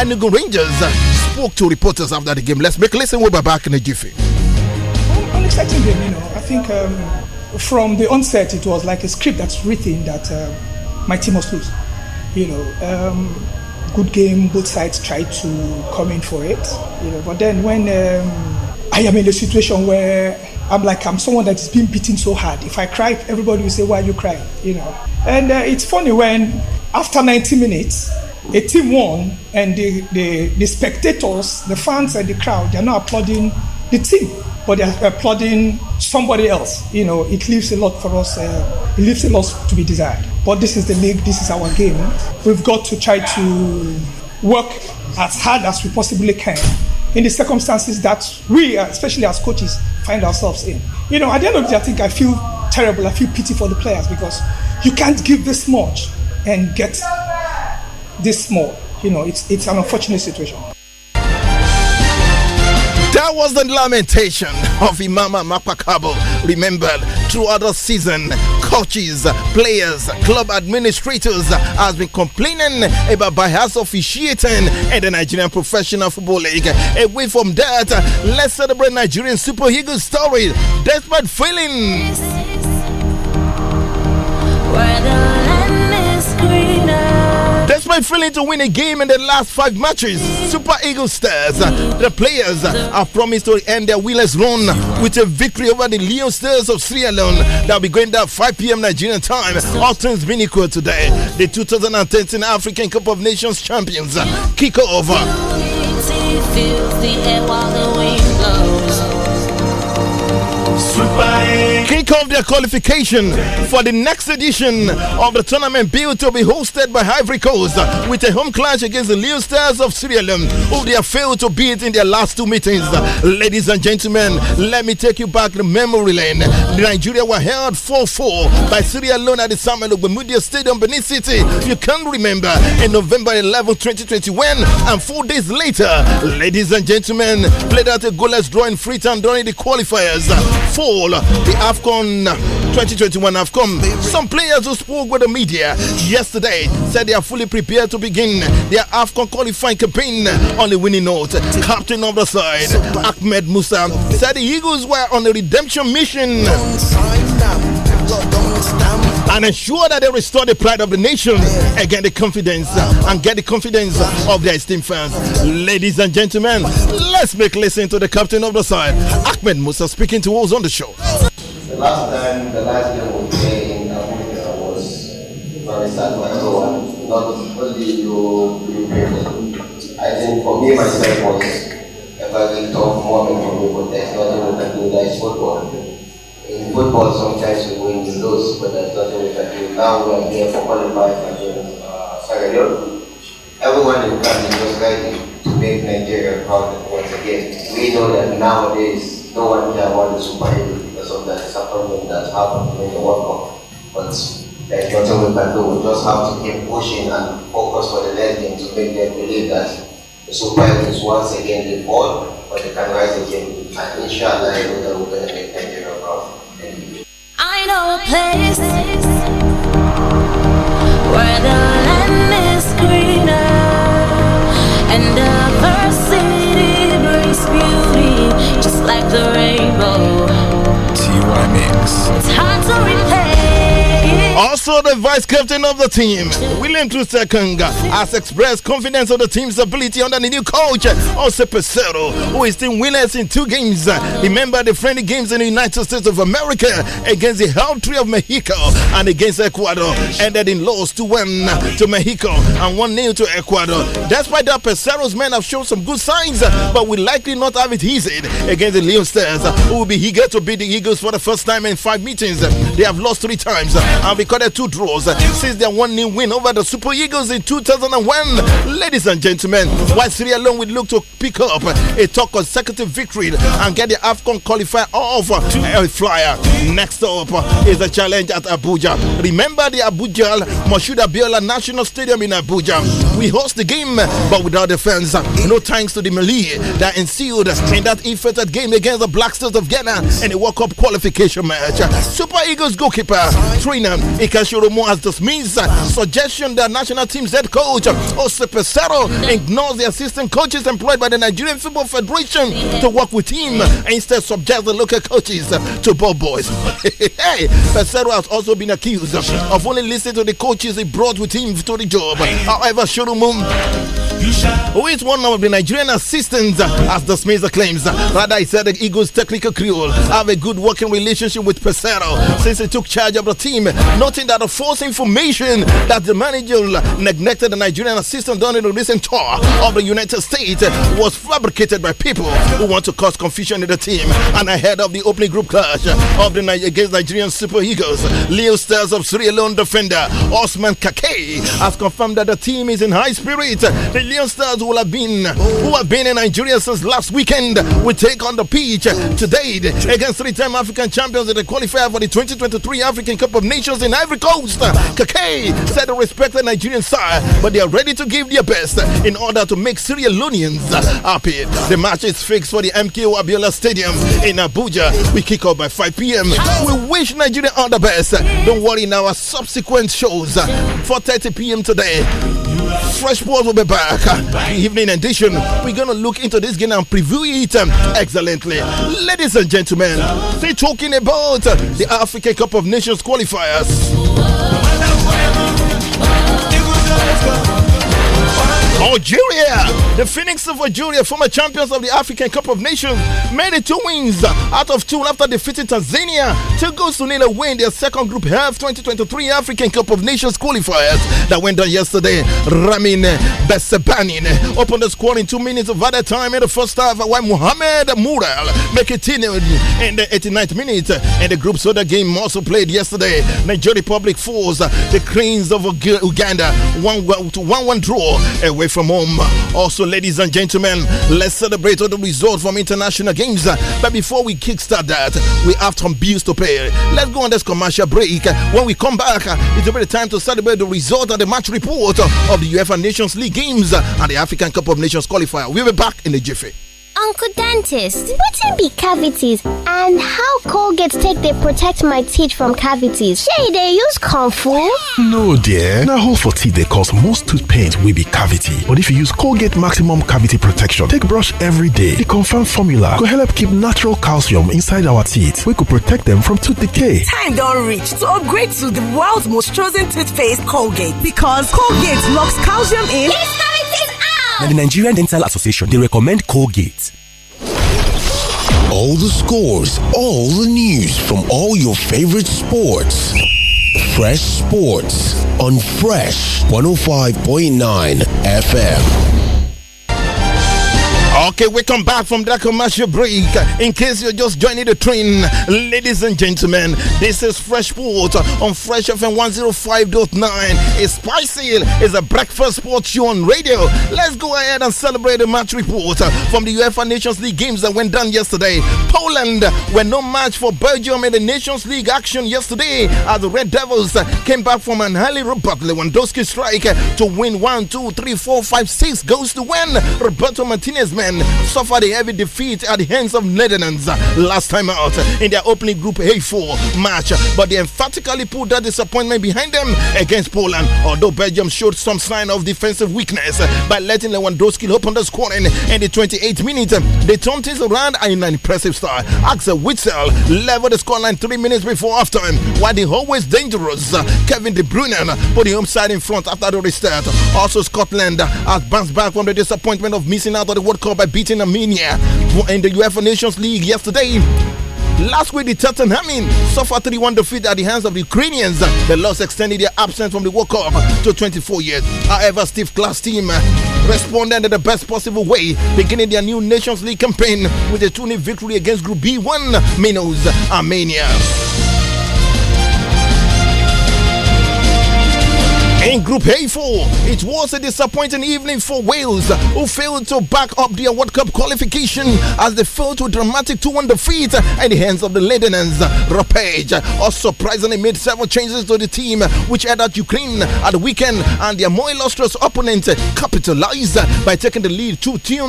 Enugu Rangers, spoke to reporters after the game. Let's make a listen. We'll be back in a jiffy. An exciting game, you know. I think um, from the onset, it was like a script that's written that uh, my team must lose. You know, um, good game. Both sides tried to come in for it. You know, but then when um, I am in a situation where I'm like, I'm someone that's been beaten so hard. If I cry, everybody will say, Why are you crying? You know. And uh, it's funny when, after 90 minutes, a team won, and the, the, the spectators, the fans, and the crowd, they're not applauding the team, but they're applauding somebody else. You know, it leaves a lot for us, uh, it leaves a lot to be desired. But this is the league, this is our game. We've got to try to work as hard as we possibly can in the circumstances that we, uh, especially as coaches, find ourselves in. You know, at the end of the day, I think I feel terrible. I feel pity for the players because you can't give this much and get this small. You know, it's, it's an unfortunate situation. That was the lamentation of Imama Mapakabo, Remember, throughout the season. Coaches, players, club administrators has been complaining about bias officiating in the Nigerian Professional Football League. Away from that, let's celebrate Nigerian Super Eagles story, Desperate Feelings been failing to win a game in the last five matches. Super Eagles Stars, the players are promised to end their winless run with a victory over the Leo Stars of Sri Lanka. That'll be going down 5 p.m. Nigerian time. All things being equal today. The 2013 African Cup of Nations champions kick off. Kick off their qualification for the next edition of the tournament built to be hosted by Ivory Coast with a home clash against the Leo Stars of Sierra who they have failed to beat in their last two meetings. Ladies and gentlemen, let me take you back to memory lane. Nigeria were held 4-4 by Sierra Leone at the Samuel Ogbemudia Stadium, Benin City. You can remember in November 11, 2021 and four days later, ladies and gentlemen, played out a goalless draw in Freetown during the qualifiers fall. The AFCON 2021 AFCON. Some players who spoke with the media yesterday said they are fully prepared to begin their AFCON qualifying campaign on the winning note. Captain of the side, Ahmed Musa, said the Eagles were on a redemption mission and ensure that they restore the pride of the nation and get the confidence and get the confidence of their esteemed fans. Ladies and gentlemen, let's make listen to the captain of the side, Ahmed Musa, speaking to us on the show. The last time, the last game we played in Africa was very sad for everyone, not only you, people. I think for me myself was a very tough moment for me, but there's nothing we can do, that's football football sometimes we win, we lose, but that's nothing we can do. Now we are here for qualifying for uh, Sierra Leone. Everyone in Ghana is just like to make Nigeria proud once again. We know that nowadays no one can won the Super League because of that disappointment that happened during the World Cup. But that's nothing we can do. We just have to keep pushing and focus for the next game to make them believe that the Super League is once again the ball, but they can rise again. And inshallah, I know that we're going to make know place where the land is greener and diversity brings beauty, just like the rainbow. TY Mix. It's hard to repair. Also, the vice captain of the team, William Trusekanga, has expressed confidence of the team's ability under the new coach, Jose Pesero, who is team winners in two games. Remember the friendly games in the United States of America against the country of Mexico and against Ecuador, ended in loss to 1 to Mexico and 1 nil to Ecuador. Despite that, Pesero's men have shown some good signs, but will likely not have it easy against the Leon Stars, who will be eager to beat the Eagles for the first time in five meetings. They have lost three times and recorded two draws since their one new win over the Super Eagles in 2001. Ladies and gentlemen, while Syria alone would look to pick up a top consecutive victory and get the AFCON qualifier off a flyer. Next up is the challenge at Abuja. Remember the Abuja Mashuda Biola National Stadium in Abuja. We host the game, but without the fans. No thanks to the melee that ensued in that infected game against the Black Stars of Ghana in a World Cup qualification match. Super Eagles goalkeeper, trainer Ikashiromo has dismissed wow. suggestion that national team's head coach Jose uh, Pesaro ignores the assistant coaches employed by the Nigerian Football Federation to work with him and uh, instead subject the local coaches uh, to ball boys. hey, has also been accused of only listening to the coaches he brought with him to the job. However, Shiromo who is one of the Nigerian assistants as the Smazer claims. Rather, he said the Eagles' technical crew have a good working relationship with Pesaro since he took charge of the team. No noting that the false information that the manager neglected the Nigerian assistant during the recent tour of the United States was fabricated by people who want to cause confusion in the team. And ahead of the opening group clash of the against Nigerian Super Eagles, Leo Stars of Sri Leone defender Osman Kake has confirmed that the team is in high spirit. The Leo Stars will have been who have been in Nigeria since last weekend will take on the pitch today against three-time African champions in the qualifier for the 2023 African Cup of Nations in Ivory Coast, Kake said they respect the Nigerian side, but they are ready to give their best in order to make Sierra Leoneans happy. The match is fixed for the MKO Abiola Stadium in Abuja. We kick off by 5 p.m. We wish Nigeria all the best. Don't worry, in our subsequent shows, 4:30 p.m. today, Fresh Port will be back. The evening edition. We're gonna look into this game and preview it um, excellently. Ladies and gentlemen, they're talking about the Africa Cup of Nations qualifiers. Wonderful world. No i it was always Algeria. The Phoenix of Algeria, former champions of the African Cup of Nations, made it two wins out of two after defeating Tanzania. Two goals to nil away in their second group half 2023 African Cup of Nations qualifiers that went on yesterday. Ramin Besebanin opened the score in two minutes of other time in the first half while Mohamed Mural make it in, the 89th minute. And the group the game also played yesterday. Nigeria Republic falls the Cranes of Uganda 1-1 one, one, draw away away from home. Also, ladies and gentlemen, let's celebrate all the results from international games. But before we kickstart that, we have some bills to pay. Let's go on this commercial break. When we come back, it's about the time to celebrate the result and the match report of the UEFA Nations League games and the African Cup of Nations qualifier. We'll be back in a jiffy. Uncle Dentist, wetin be cavities and how Colgate take they protect my teeth from cavities? Shey they use kung fu. No dear, na hole for teeth they cause most tooth pain will be cavity. But if you use Colgate Maximum Cavity Protection take brush every day, the confirmed formula could help keep natural calcium inside our teeth We could protect them from tooth decay. Time don't reach to upgrade to the world's most chosen toothpaste Colgate because Colgate locks calcium in. Now, the Nigerian Dental Association, they recommend Colgate. All the scores, all the news from all your favorite sports. Fresh Sports on Fresh 105.9 FM. Okay, welcome back from that commercial break. In case you're just joining the train, ladies and gentlemen, this is Fresh Water on Fresh FM 105.9. It's spicy, it's a breakfast sports show on radio. Let's go ahead and celebrate the match report uh, from the UEFA Nations League games that went down yesterday. Poland were no match for Belgium in the Nations League action yesterday as the Red Devils uh, came back from an highly Robert Lewandowski strike uh, to win 1, 2, 3, 4, 5, 6 goals to win. Roberto Martinez, man men suffered a heavy defeat at the hands of Netherlands last time out in their opening Group A4 match, but they emphatically put that disappointment behind them against Poland. Although Belgium showed some sign of defensive weakness by letting Lewandowski open the scoring in the 28th minute, they turned things around in an impressive start. Axel Witzel leveled the scoreline three minutes before halftime, while the always dangerous Kevin De Bruyne put the home side in front after the restart. Also, Scotland has bounced back from the disappointment of missing out on the World Cup by beating Armenia in the UEFA Nations League yesterday. Last week, the Tottenham suffered 3 1 defeat at the hands of the Ukrainians. The loss extended their absence from the World Cup to 24 years. However, Steve Clark's team responded in the best possible way, beginning their new Nations League campaign with a 2 0 victory against Group B1 Minos, Armenia. In Group A4, it was a disappointing evening for Wales, who failed to back up their World Cup qualification as they fell to a dramatic 2 1 defeat at the hands of the Netherlands. Rapage. Also, surprisingly, made several changes to the team, which added Ukraine at the weekend, and their more illustrious opponent capitalized by taking the lead 2 2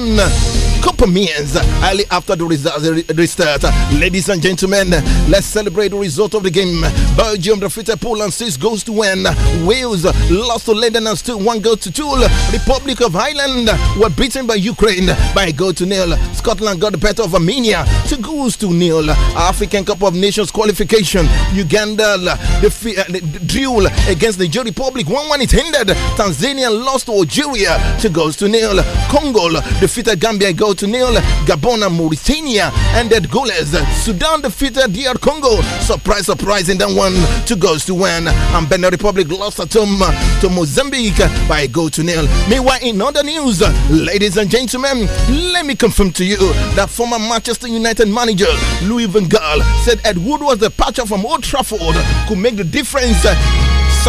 compliments early uh, after the restart. Ladies and gentlemen, let's celebrate the result of the game. Belgium defeated Poland six goals to one. Wales lost to London and still one goal to two. Republic of Ireland were beaten by Ukraine by a goal to nil. Scotland got the better of Armenia two goals to nil. African Cup of Nations qualification. Uganda the, uh, duel against the Republic one one is hindered. Tanzania lost to Algeria two goals to nil. Congo defeated Gambia. Goal goal to nil. Gabon and Mauritania ended goalless. Sudan defeated DR Congo. Surprise, surprise in that one. Two goals to win. And Benin Republic lost at home to Mozambique by a goal to nil. Meanwhile, in other news, ladies and gentlemen, let me confirm to you that former Manchester United manager Louis Van Gaal said Ed Woodward's departure from Old Trafford could make the difference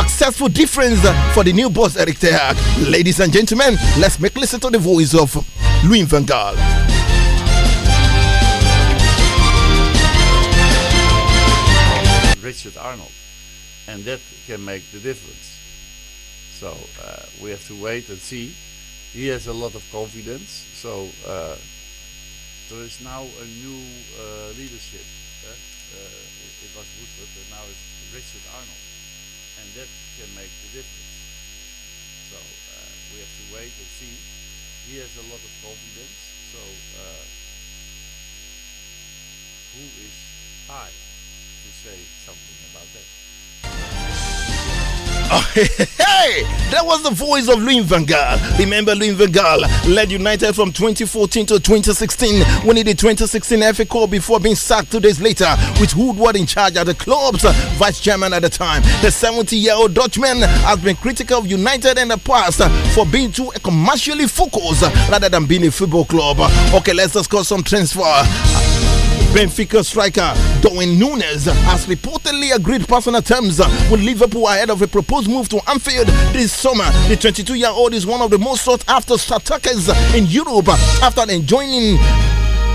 successful difference for the new boss Eric Tehak. Ladies and gentlemen, let's make listen to the voice of Louis van Gaal. Richard Arnold. And that can make the difference. So uh, we have to wait and see. He has a lot of confidence. So uh, there is now a new uh, leadership. Uh, it was Woodward, now it's Richard Arnold can make the difference. So uh, we have to wait and see. He has a lot of confidence. So uh, who is I to say something? hey, that was the voice of Louis Van Gaal. Remember, Louis Van Gaal led United from 2014 to 2016, winning the 2016 FA Cup before being sacked two days later, with Woodward in charge at the club's vice chairman at the time. The 70 year old Dutchman has been critical of United in the past for being too commercially focused rather than being a football club. Okay, let's discuss some transfer. Benfica striker Darwin Nunes has reportedly agreed personal terms with Liverpool ahead of a proposed move to Anfield this summer. The 22 year old is one of the most sought after strikers in Europe after enjoying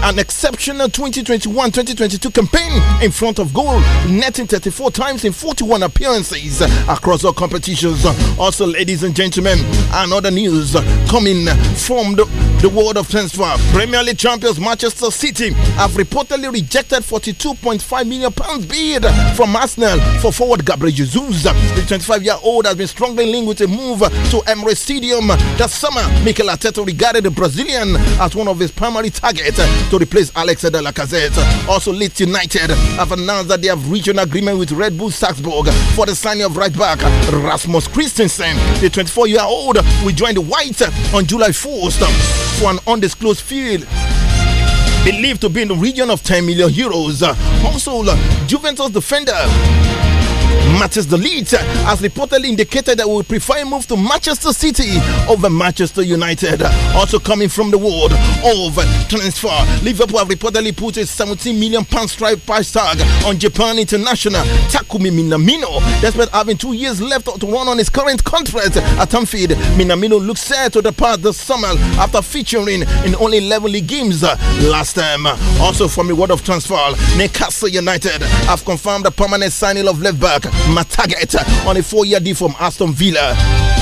an exceptional 2021-2022 campaign in front of goal, netting 34 times in 41 appearances across all competitions. Also, ladies and gentlemen, another news coming from the, the world of transfer. Premier League champions Manchester City have reportedly rejected 42.5 million pounds bid from Arsenal for forward Gabriel Jesus. The 25-year-old has been strongly linked with a move to Emirates Stadium that summer. Mikel Arteta regarded the Brazilian as one of his primary targets to replace Alexander Lacazette. Also, Leeds United have announced that they have reached an agreement with Red Bull Salzburg for the signing of right back Rasmus Christensen. The 24 year old will join the White on July 4th for an undisclosed field believed to be in the region of 10 million euros. Also, Juventus defender matches the lead, has uh, reportedly indicated that would prefer a move to Manchester City over Manchester United. Also coming from the world of transfer, Liverpool have reportedly put a 17 million pound strike price tag on Japan international Takumi Minamino, despite having two years left to run on his current contract at Anfield. Minamino looks set to depart this summer after featuring in only 11 league games uh, last time. Also from the world of transfer, Newcastle United have confirmed the permanent signing of left back my target on a four-year deal from Aston Villa.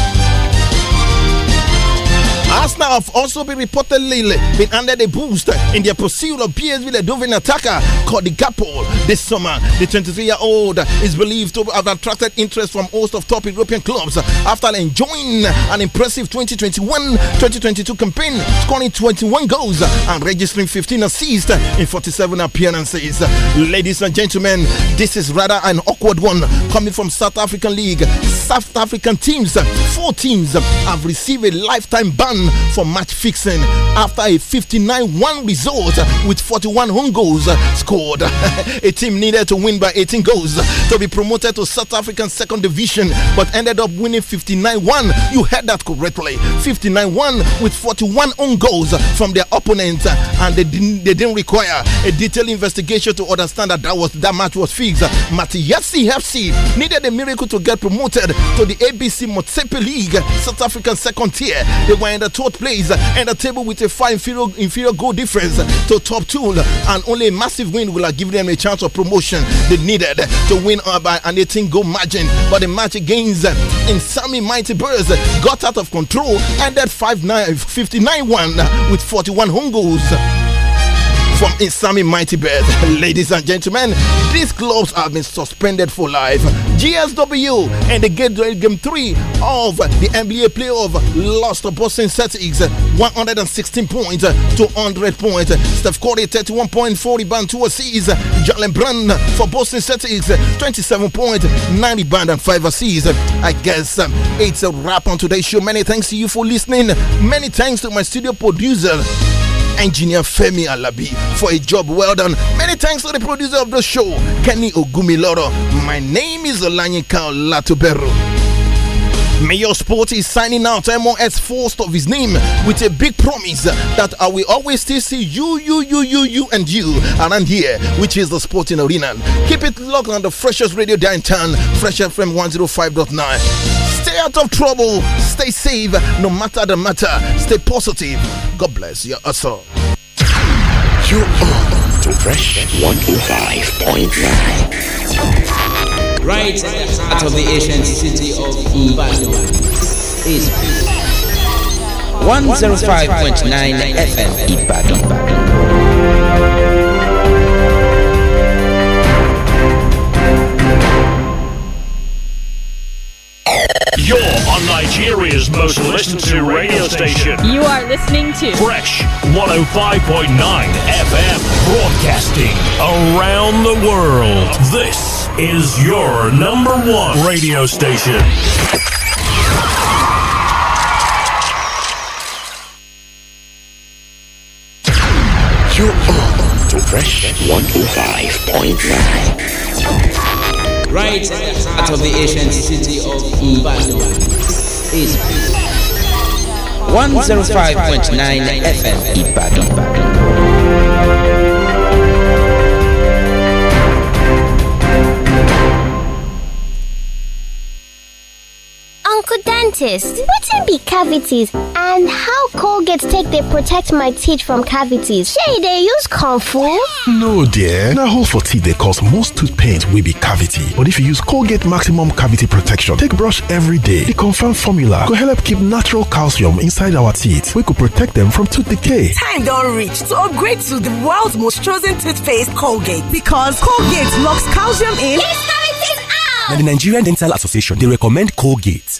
Arsenal have also been reportedly been handed a boost in their pursuit of PSV doven attacker the Gapo this summer. The 23-year-old is believed to have attracted interest from host of top European clubs after enjoying an impressive 2021-2022 campaign, scoring 21 goals and registering 15 assists in 47 appearances. Ladies and gentlemen, this is rather an awkward one coming from South African League. South African teams, four teams have received a lifetime ban for match fixing after a 59 1 result with 41 own goals scored. a team needed to win by 18 goals to be promoted to South African second division but ended up winning 59 1. You heard that correctly 59 1 with 41 own goals from their opponents, and they didn't, they didn't require a detailed investigation to understand that that, was, that match was fixed. Matiasi FC needed a miracle to get promoted to the ABC Motsepe League, South African second tier. They were in the third place and a table with a far inferior, inferior goal difference to top two. And only a massive win will have given them a chance of promotion they needed to win uh, by an 18 goal margin. But the match against uh, Insami Mighty Birds uh, got out of control, and 5 9 59 1 with 41 home goals from Insami Mighty Bears. Ladies and gentlemen, these clubs have been suspended for life. GSW and the Gateway Game 3 of the NBA playoff lost to Boston Celtics 116 points to 100 points. Steph Curry 31 points, 40 rebound, 2 assists. Jalen Brown for Boston Celtics 27 points, 9 band, and 5 assists. I guess um, it's a wrap on today's show. Many thanks to you for listening. Many thanks to my studio producer engineer Femi Alabi, for a job well done. Many thanks to the producer of the show, Kenny Ogumiloro. My name is Olanyika Latubero. Mayor Sport is signing out MOS first of his name with a big promise that I will always still see you, you, you, you, you, and you around here, which is the sporting arena. Keep it locked on the freshest radio downtown, Fresh FM 105.9. Stay out of trouble. Stay safe no matter the matter. Stay positive. God bless your hustle. You are on to Fresh 105.9. Right out of the ancient city of Ibadan is 105.9 FM Ibadan. You're on Nigeria's most listened to radio station. You are listening to Fresh 105.9 FM, broadcasting around the world. This is your number one radio station. You are on to Fresh 105.9 right out of the ancient city of Ibadan. Is 105.9 FM Ibadan. Uncle Dentist. What can be cavities and how Colgate take they protect my teeth from cavities? Say they use fu? No, dear. Now, hole for teeth they cause most tooth pains will be cavity. But if you use Colgate Maximum Cavity Protection, take brush every day. The confirmed formula could help keep natural calcium inside our teeth. We could protect them from tooth decay. Time don't reach to upgrade to the world's most chosen toothpaste, Colgate. Because Colgate locks calcium in. And the Nigerian Dental Association, they recommend Colgate.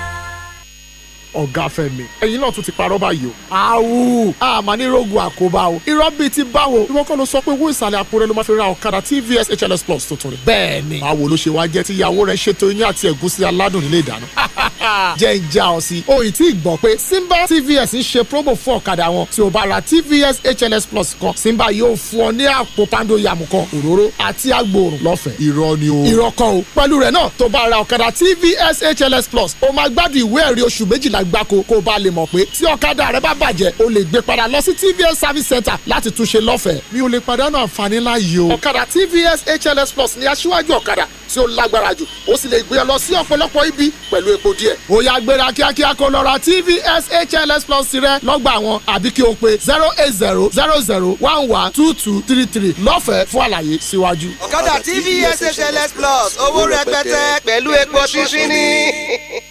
ọ̀gá fẹ́mi ẹ̀yin náà tún ti parọ́ báyìí o. àwù àmà ní rogun àkóbá o irọ́ bíi ti báwo ìwọ kọ́ ló sọ pé owó ìsàlẹ̀ àpò rẹ ló máa fi ra ọ̀kadà tvs hls plus tuntun rẹ. bẹ́ẹ̀ni báwo ló ṣe wá jẹ́ tí ìyàwó rẹ ṣètò iyán àti ẹ̀gúsí aládùn nílé ìdáná. jẹ́ ń já ọ sí. o ì tí ì gbọ́ pé simba tvs ń ṣe promo fún ọ̀kadà wọn tí o bá ra tvs hls plus kan simba yóò fún ọ ní àpò pando yàmù kan òróró àti agbòòrùn lọ́fẹ̀ẹ́. irọ́ ni o. irọ́ kan o pẹ̀lú rẹ̀ náà tó bá ra ọ̀kadà tvs hls plus o máa gbádùn ìwé ẹ̀rí oṣù méjìlá mẹ́ta gbáko kó o bá lè mọ̀ pé tí ọ̀kadà rẹ bá bàjẹ́ o lè gbé padà lọ sí tvs service center láti túnṣe lọ́fẹ̀ẹ́. mi ò lè pàdánù àǹfààní ńlá yìí o. ọ̀kadà tvs hls plus ni aṣíwájú ọ̀kadà tí ó lágbára jù ó sì lè gbé ọ lọ sí ọ̀pọ̀lọpọ̀ ibi pẹ̀lú epo díẹ̀. ó yá gbéra kíákíá kó lọ ra tvs hls plus rẹ lọ́gbà wọn àbí kí o pe zero eight zero zero zero one one two two three three lọ́fẹ̀ẹ́ fún àlàyé síwájú. ọ̀kadà tvs hls plus owó rẹpẹtẹ pẹ̀lú epo ṣíṣí ní.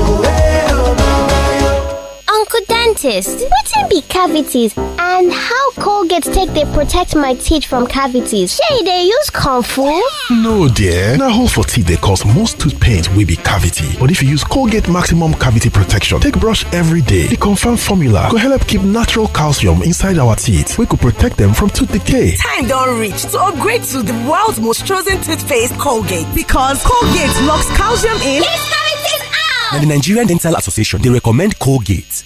Uncle Dentist, can be cavities and how Colgate take they protect my teeth from cavities? Say they use Kung Fu? No dear, Now, hole for teeth they cause most tooth pain will be cavity. But if you use Colgate Maximum Cavity Protection take brush every day, the confirmed formula go help keep natural calcium inside our teeth We could protect them from tooth decay. Time don't reach to upgrade to the world's most chosen toothpaste Colgate because Colgate locks calcium in. Now, the Nigerian Dental Association, they recommend Colgate.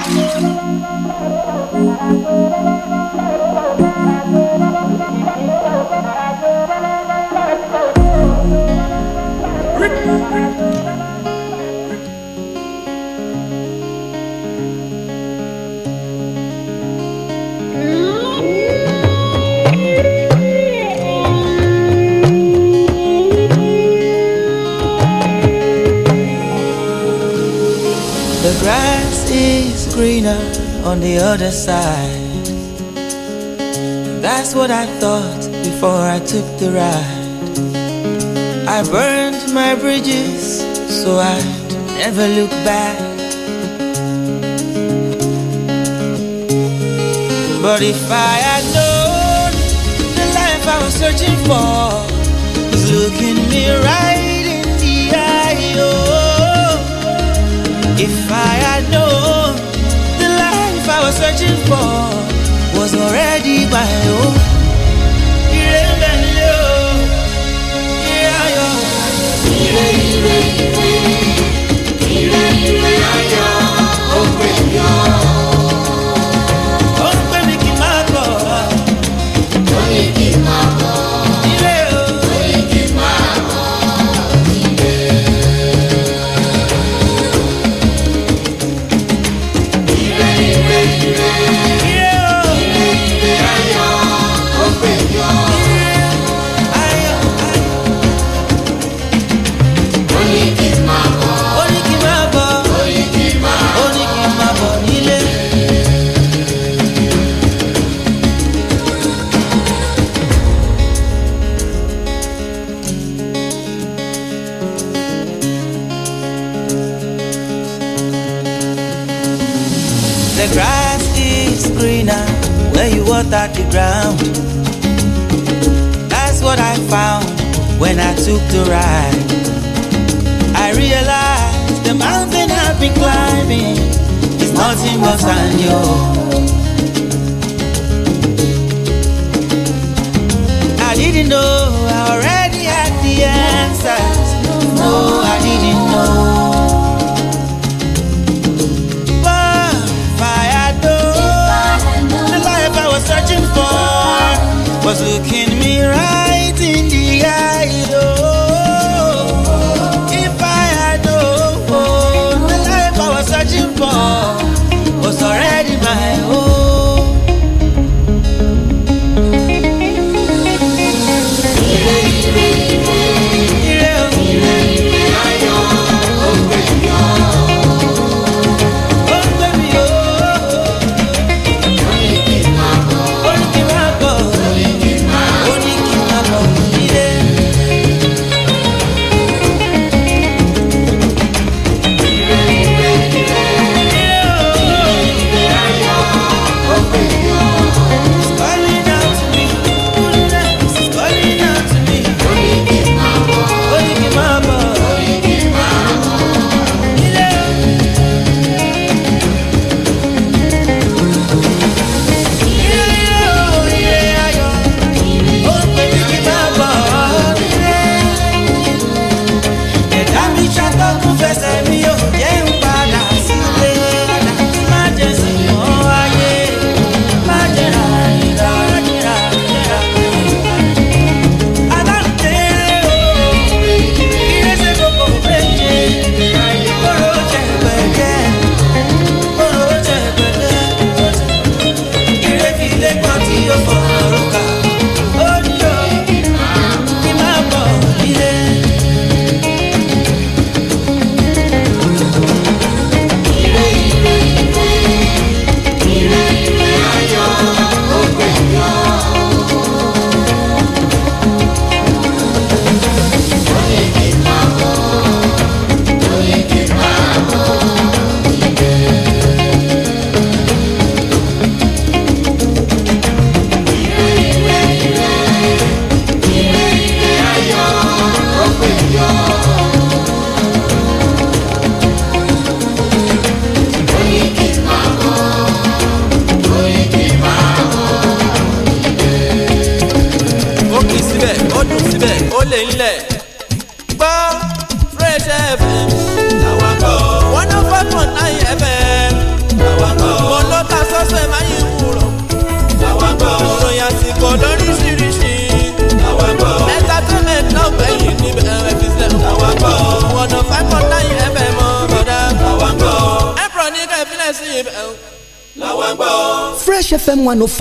greener on the other side. That's what I thought before I took the ride. I burned my bridges so I'd never look back. But if I had known the life I was searching for was looking me right in the eye, oh, if I had known was searching for was already by home. Oh. Ire mbẹ̀lẹ̀ o, oh. Yeah, ayọ̀. Ire ire ire, ire ire ayọ̀,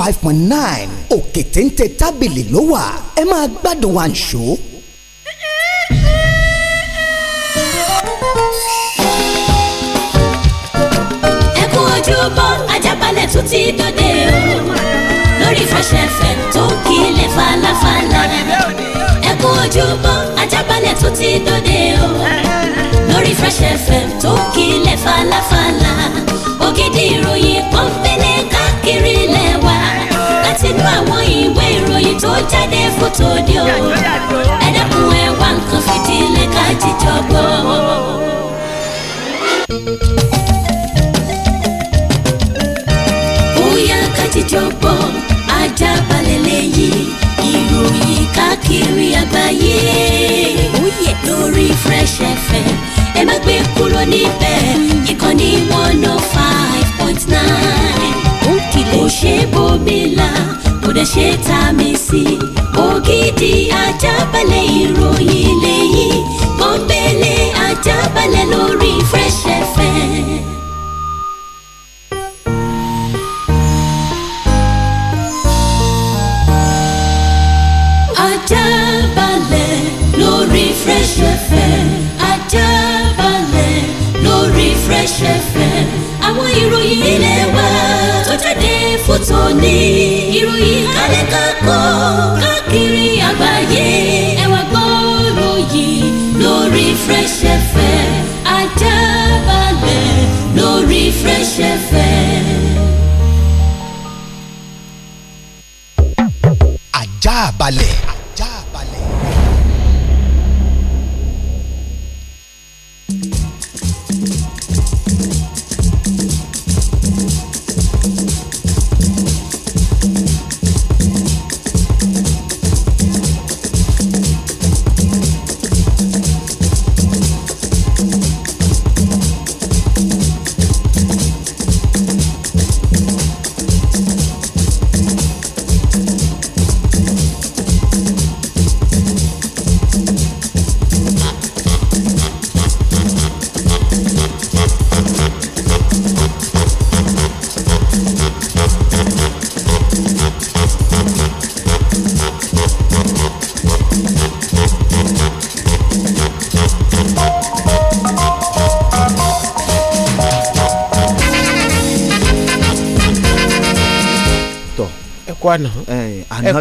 five point nine òkè téńté tábìlì ló wà ẹ máa gbádùn àǹṣó. ẹ kú ojúbọ Ajaabale tún ti dòde o lórí Fresh FM tó kílẹ̀ falafala ẹ kú ojúbọ Ajaabale tún ti dòde o lórí Fresh FM tó kílẹ̀ falafala. tó jáde fún tòde o ẹ dẹ́kun ẹ wá nǹkan fìdílé ká jíjọ gbọ́. bóyá ká jíjọ gbọ́ ajá balẹ̀ lẹ́yìn ìròyìn káàkiri àgbáyé oh, lórí Fresh FM ẹ má gbé kúrò níbẹ̀ ìkànnì one oh five point nine ó kìlẹ̀ ó ṣe kò dẹ̀ ṣe tá a mi sí. ògidì ajábalẹ̀ ìròyìn lẹ́yìn pọ́npẹ́lẹ́ ajábalẹ̀ lórí Fresh FM. ajábalẹ̀ lori Fresh FM ajábalẹ̀ lórí Fresh FM àwọn ìròyìn ilé wa fòtò ní ìròyìn kálẹ̀ kakọ́ káàkiri àgbáyé ẹ wá gbọ́rọ̀ yìí lórí Fresh FM ajá balẹ̀ lórí Fresh FM. ajá balẹ̀.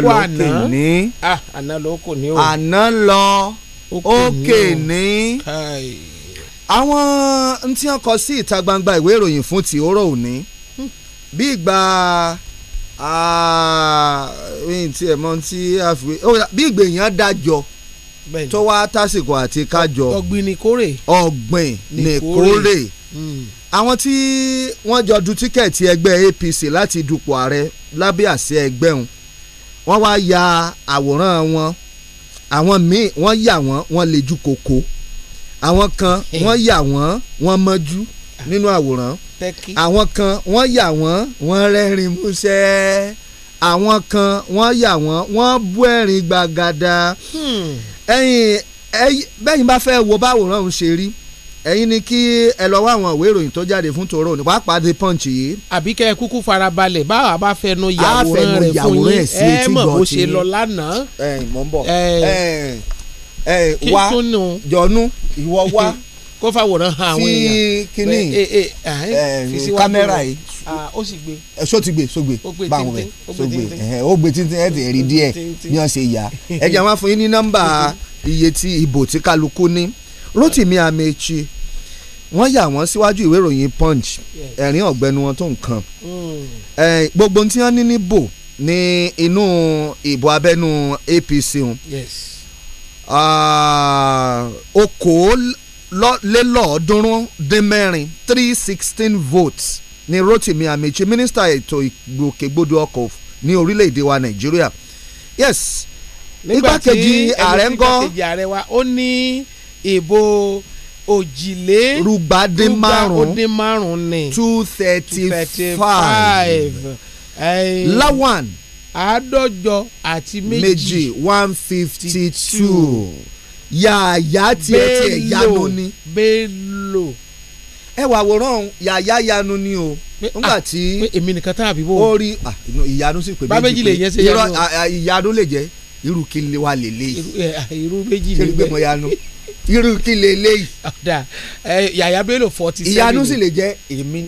lọ òkè ní. Ah, àná lọ òkè ní o. àná lọ òkè ní. àwọn ntí wọn kọ sí ìta gbangba ìwé ìròyìn fún ti òró òní hmm. bí ìgbà tí ẹ̀ mọ́ tí a fi bí ìgbà èèyàn dájọ́ tó wá tásìkò àti kájọ ọ̀gbìn nìkórè ọ̀gbìn nìkórè hmm. àwọn tí wọ́n jọ du tíkẹ́ẹ̀tì ẹgbẹ́ APC láti dupò ààrẹ lábẹ́ àṣẹ ẹgbẹ́ òun wọ́n wá ya àwòrán wọn àwọn míì wọ́n yà wọ́n wọ́n lè ju kòkó eh. ah. àwọn kan wọ́n yà wọ́n wọ́n mọ́jú nínú àwòrán àwọn kan wọ́n yà wọ́n wọ́n rẹ́rìn músẹ́ àwọn kan wọ́n yà wọ́n wọ́n bú ẹ̀rín gbàgàdà hmm. ẹ̀yìn bẹ́yìn bá fẹ́ wo báwòrán òun ṣe rí ẹ̀yin ni kí ẹ lọ wá àwọn ìwé ìròyìn tó jáde fún tòró ní pàápàá the punch yìí. àbí kẹ́ ẹ kúkú farabalẹ̀ báwa bá fẹnu yàwòrán rẹ̀ fún yín ẹ mọ̀ bó ṣe lọ lánàá. ẹ mọ̀ ń bọ̀ ẹ ẹ wá jọ̀ọ́nú ìwọ wá kó fàwòrán hàn àwọn èèyàn fi kíní kámẹ́rà yìí ah, ó sì gbé ṣó ti gbé ṣó gbé báwọn bẹ ṣó gbé ó gbé títí ẹ ti rí díẹ̀ bí wọ́n ṣe ẹ jẹ́ wọn fún yín ní nọ́mbà iye tí ìbò tí kálukú ní Rotimi Amechi wọ́n yà wọ́n síwájú ìwé ìròyìn punch ẹ̀rín ọ̀gbẹ́ni wọn tó nǹkan mm. gbogbo tí wọ́n ní ní bò ní inú ìbò abẹ́nú APC wọn ah, okòólélọ́ọ̀ọ́dúnrún dín mẹ́rin three sixteen votes ni Rotimi Amechi mínísítà ètò ìgbòkègbodò ọkọ̀ ní orílẹ̀-èdè wa Nàìjíríà yes igbákejì ààrẹ ń gọ́ igbákejì ààrẹ wa ó ní. Ni ìbò òjìlé rúgbà márùn ní two thirty five lawan àádọ́jọ àti méjì one fifty two yàyà tiẹ̀ tiẹ̀ yanu ni. bello. ẹ wà wòrán yàyà yanu ni o ah, nígbà tí èmi nìkan tá àbí bò. ó rí ah, ìyanu sì pé méjì pé ah, ìyanu lè jẹ́ irú kí wa lè lè. irú méjì lè bẹ́ẹ̀. kí ni gbé mọ yanu. irú kí leléyìí. ọ̀dà yàyà bello forty seven. ìyanu sì lè jẹ́ èmi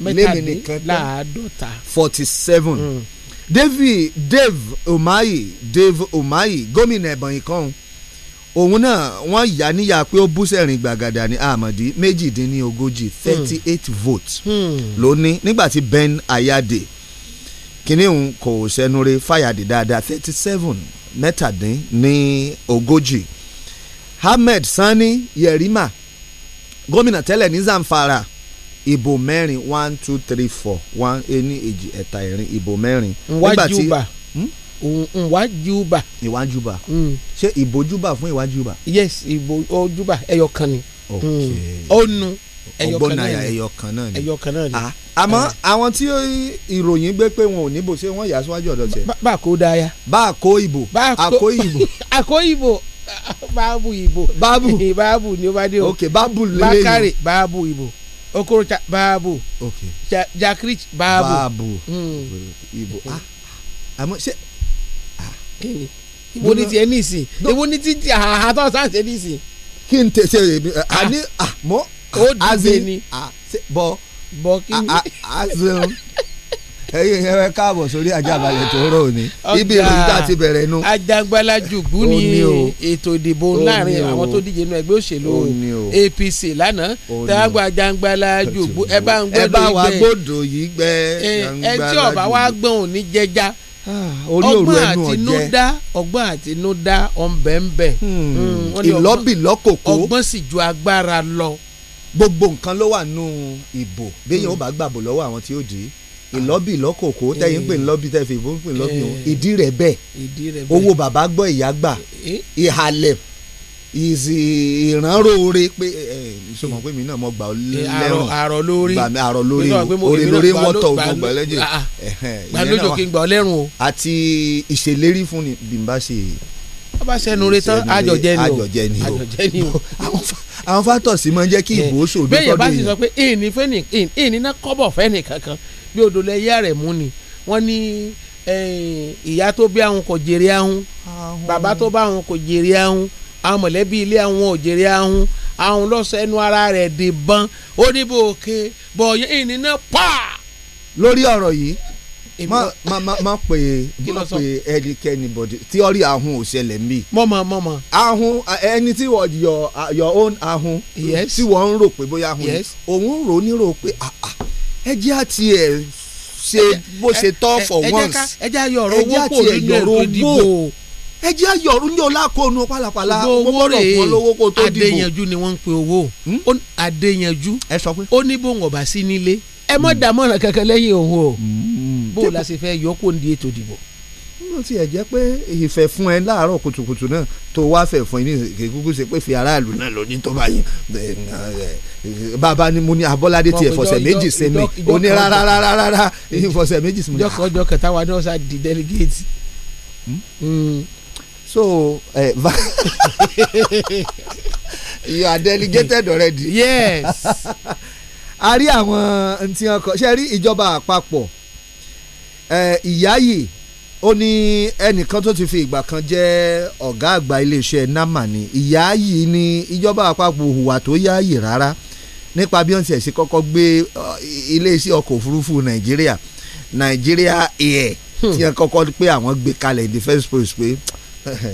náà lémi nìkan tán láàádọ́ta. forty seven mm. david dave omayi dave omayi gómìnà ẹ̀bọ̀nyí kan òun náà wọ́n yà níyà pé ó bú sẹ́rìn gbàgàdà ní àmọ̀dí méjìdínlógójì mm. thirty eight votes mm. ló ní nígbà tí ben ayade kìnìún kò sẹ́nu rẹ̀ fàyàdé dáadáa thirty seven mẹ́tàdín ní Ahmed Sani Yerima gómìnà tẹ́lẹ̀ ní Zamfara ìbò mẹ́rin one two three four one ení èjì ẹ̀ta ẹ̀rin ìbò mẹ́rin. nwajuba hmm? nwajuba. iwajuba hmm. ṣé ìbòjúbà fún iwajuba. yes ìbò ojúbà ẹyọ kan ni. ọnu hmm. ẹyọ kan náà ni ẹyọ kan náà ni. ẹyọ kan náà ni. Ah, àmọ́ eh. àwọn tí ìròyìn gbé pé wọn ò níbò ṣé wọ́n yà síwájú ọ̀dọ̀ tẹ̀. bá a kó dáa ya. bá a kó ìbò. bá a kó ìbò. a kó ìbò báàbù ìbò báàbù báàbù ni ó bá dé o ok báàbù lélẹ́yìn bákàrè báàbù ìbò okorocha báàbù ok jakrich báàbù báàbù hmm. ìbò ah àmọ́ ṣé ah kí ni ìbò ní tiẹ̀ ní ìsìn ìbò ní ti ti àhàhà tó sáà ṣe ní ìsìn. kí n tẹ ṣe èmi àní àmọ́ ó bọ́ ah, bọ́ kí ah, ni. Ah, ẹ̀yin yẹn wẹ káàbọ̀ sórí àjàbalẹ̀ tó rọ̀ òní ibi ìròyìn tá a ti bẹ̀rẹ̀ nu. ajagbalaju bú ni ètò ìdìbò láàrin àwọn tó díje inú ẹgbẹ́ òṣèlú APC lánàá tẹ́wàgbọ́ ajagbalaju bú ẹ bá ń gbọ́dọ̀ yìí gbẹ ẹ tí ọba wa gbọ́n ò jẹja ah, orí òru ẹnu ọjẹ ọgbọ́n àtinúdá hmm. hmm, ìlọ́bì lọ́kòkó ọgbọ́n sì ju agbára lọ. gbogbo nǹkan ló wà nù ìbò béèyàn ó hmm. bá gbàbò lọ́wọ́ àwọn tí ó dì í ìlọ́bì lọ́kòkó tẹ́yìn pé eh. ńlọ́bì tẹ́ fi ìbò pé ńlọ́bì o eh. ìdí rẹ̀ bẹ́ẹ̀ owó bàbá gbọ́ ìyá gbà eh. ìhàlẹ̀ ìrànró oore pé ìṣòwò pé mi náà mo gbà ọ lẹ́rùn àrọ̀ lórí àrọ̀ lórí oore lórí wọ́tọ̀ mo gbà lẹ́jọ́ gbà lójó ah, ah. kí n gbà ọ lẹ́rùn o. àti ìṣèlérí fún ni bí n bá ṣe. ó bá ṣẹnu re tán àjọjẹ ni o àjọjẹ ni o àwọn fátọ̀sí máa ń jẹ́ kí ìbò ṣòdo tọ́jú yẹn. bẹ́ẹ̀ yẹn bá sì sọ pé ìní fẹ́ni ìní náà kọ́bọ̀ fẹ́ni kankan bí odò lẹ́yìn àrẹ̀mú ni wọ́n ní ìyá tó bí àwọn kò jèrè ahun bàbá tó bá àwọn kò jèrè ahun àwọn mọ̀lẹ́bí ilé àwọn ò jèrè ahun àwọn lọ́sọ̀ ẹnu ara rẹ̀ dè ban ó ní bò ké bọ̀yìn ìnínà pa. lórí ọ̀rọ̀ yìí má má má má pè má pè ẹnikẹ́ni bọ̀dì tíọ́rì ahun ò ṣẹlẹ̀ mí. mọ̀mọ̀ mọ̀mọ̀. ahun ẹni tí wọ́n yọ your own ahun. yes tí wọ́n ń rò pé bóyá ahun. yes òun rò ó nírò pé ah, ah ẹ jẹ́ àti ẹ̀ ṣe bó ṣe tọ́ for once ẹ jẹ́ àyọ̀ ọ̀rọ̀ owó kò nínú ètò ìdìbò ẹ jẹ́ àyọ̀ ọ̀rọ̀ ní ọlá kó nu pálapàla owó rẹ̀ adéyanjú ni wọ́n ń pe owó adéyanjú hmm? ó ní bóun ọ̀bà sí nílé ẹ mọ̀ hmm. dàmọ́ràn kankan lẹ́yìn òun o hmm. bó o la ṣe fẹ́ yọ kó ní ètò ìdìbò ó tiẹ̀ jẹ́ pé ìfẹ́ fún ẹ láàárọ̀ kùtùkùtù náà tó wá fẹ́ fún yín ní kúkú ṣe pé fi aráàlú náà lọ ní tọ́ba yín bàbá ni mo ní abọ́ládé tiẹ̀ fọ̀sẹ̀ méjì sí mi ó ní rárá rárá rárá fọ̀sẹ̀ méjì sí mi. ọjọ́ kan ọjọ́ kẹta wa náà sá di delegate. Hmm? Hmm. so you are delegated already. yes. a rí àwọn ntí wọn ṣe rí ìjọba àpapọ̀ ìyáyè ó ní ẹnìkan tó ti fi ìgbà kan jẹ́ ọ̀gá àgbà iléeṣẹ́ nama ni ìyá yìí ni ìjọba àpapọ̀ hùwà tó yáàyè rárá nípa bí wọ́n ti ẹ̀sìn kọ́kọ́ gbé uh, iléeṣẹ́ ọkọ̀ òfurufú nàìjíríà nàìjíríà air hmm. tí wọ́n kọ́kọ́ pé àwọn gbé kalẹ̀ in the first place pé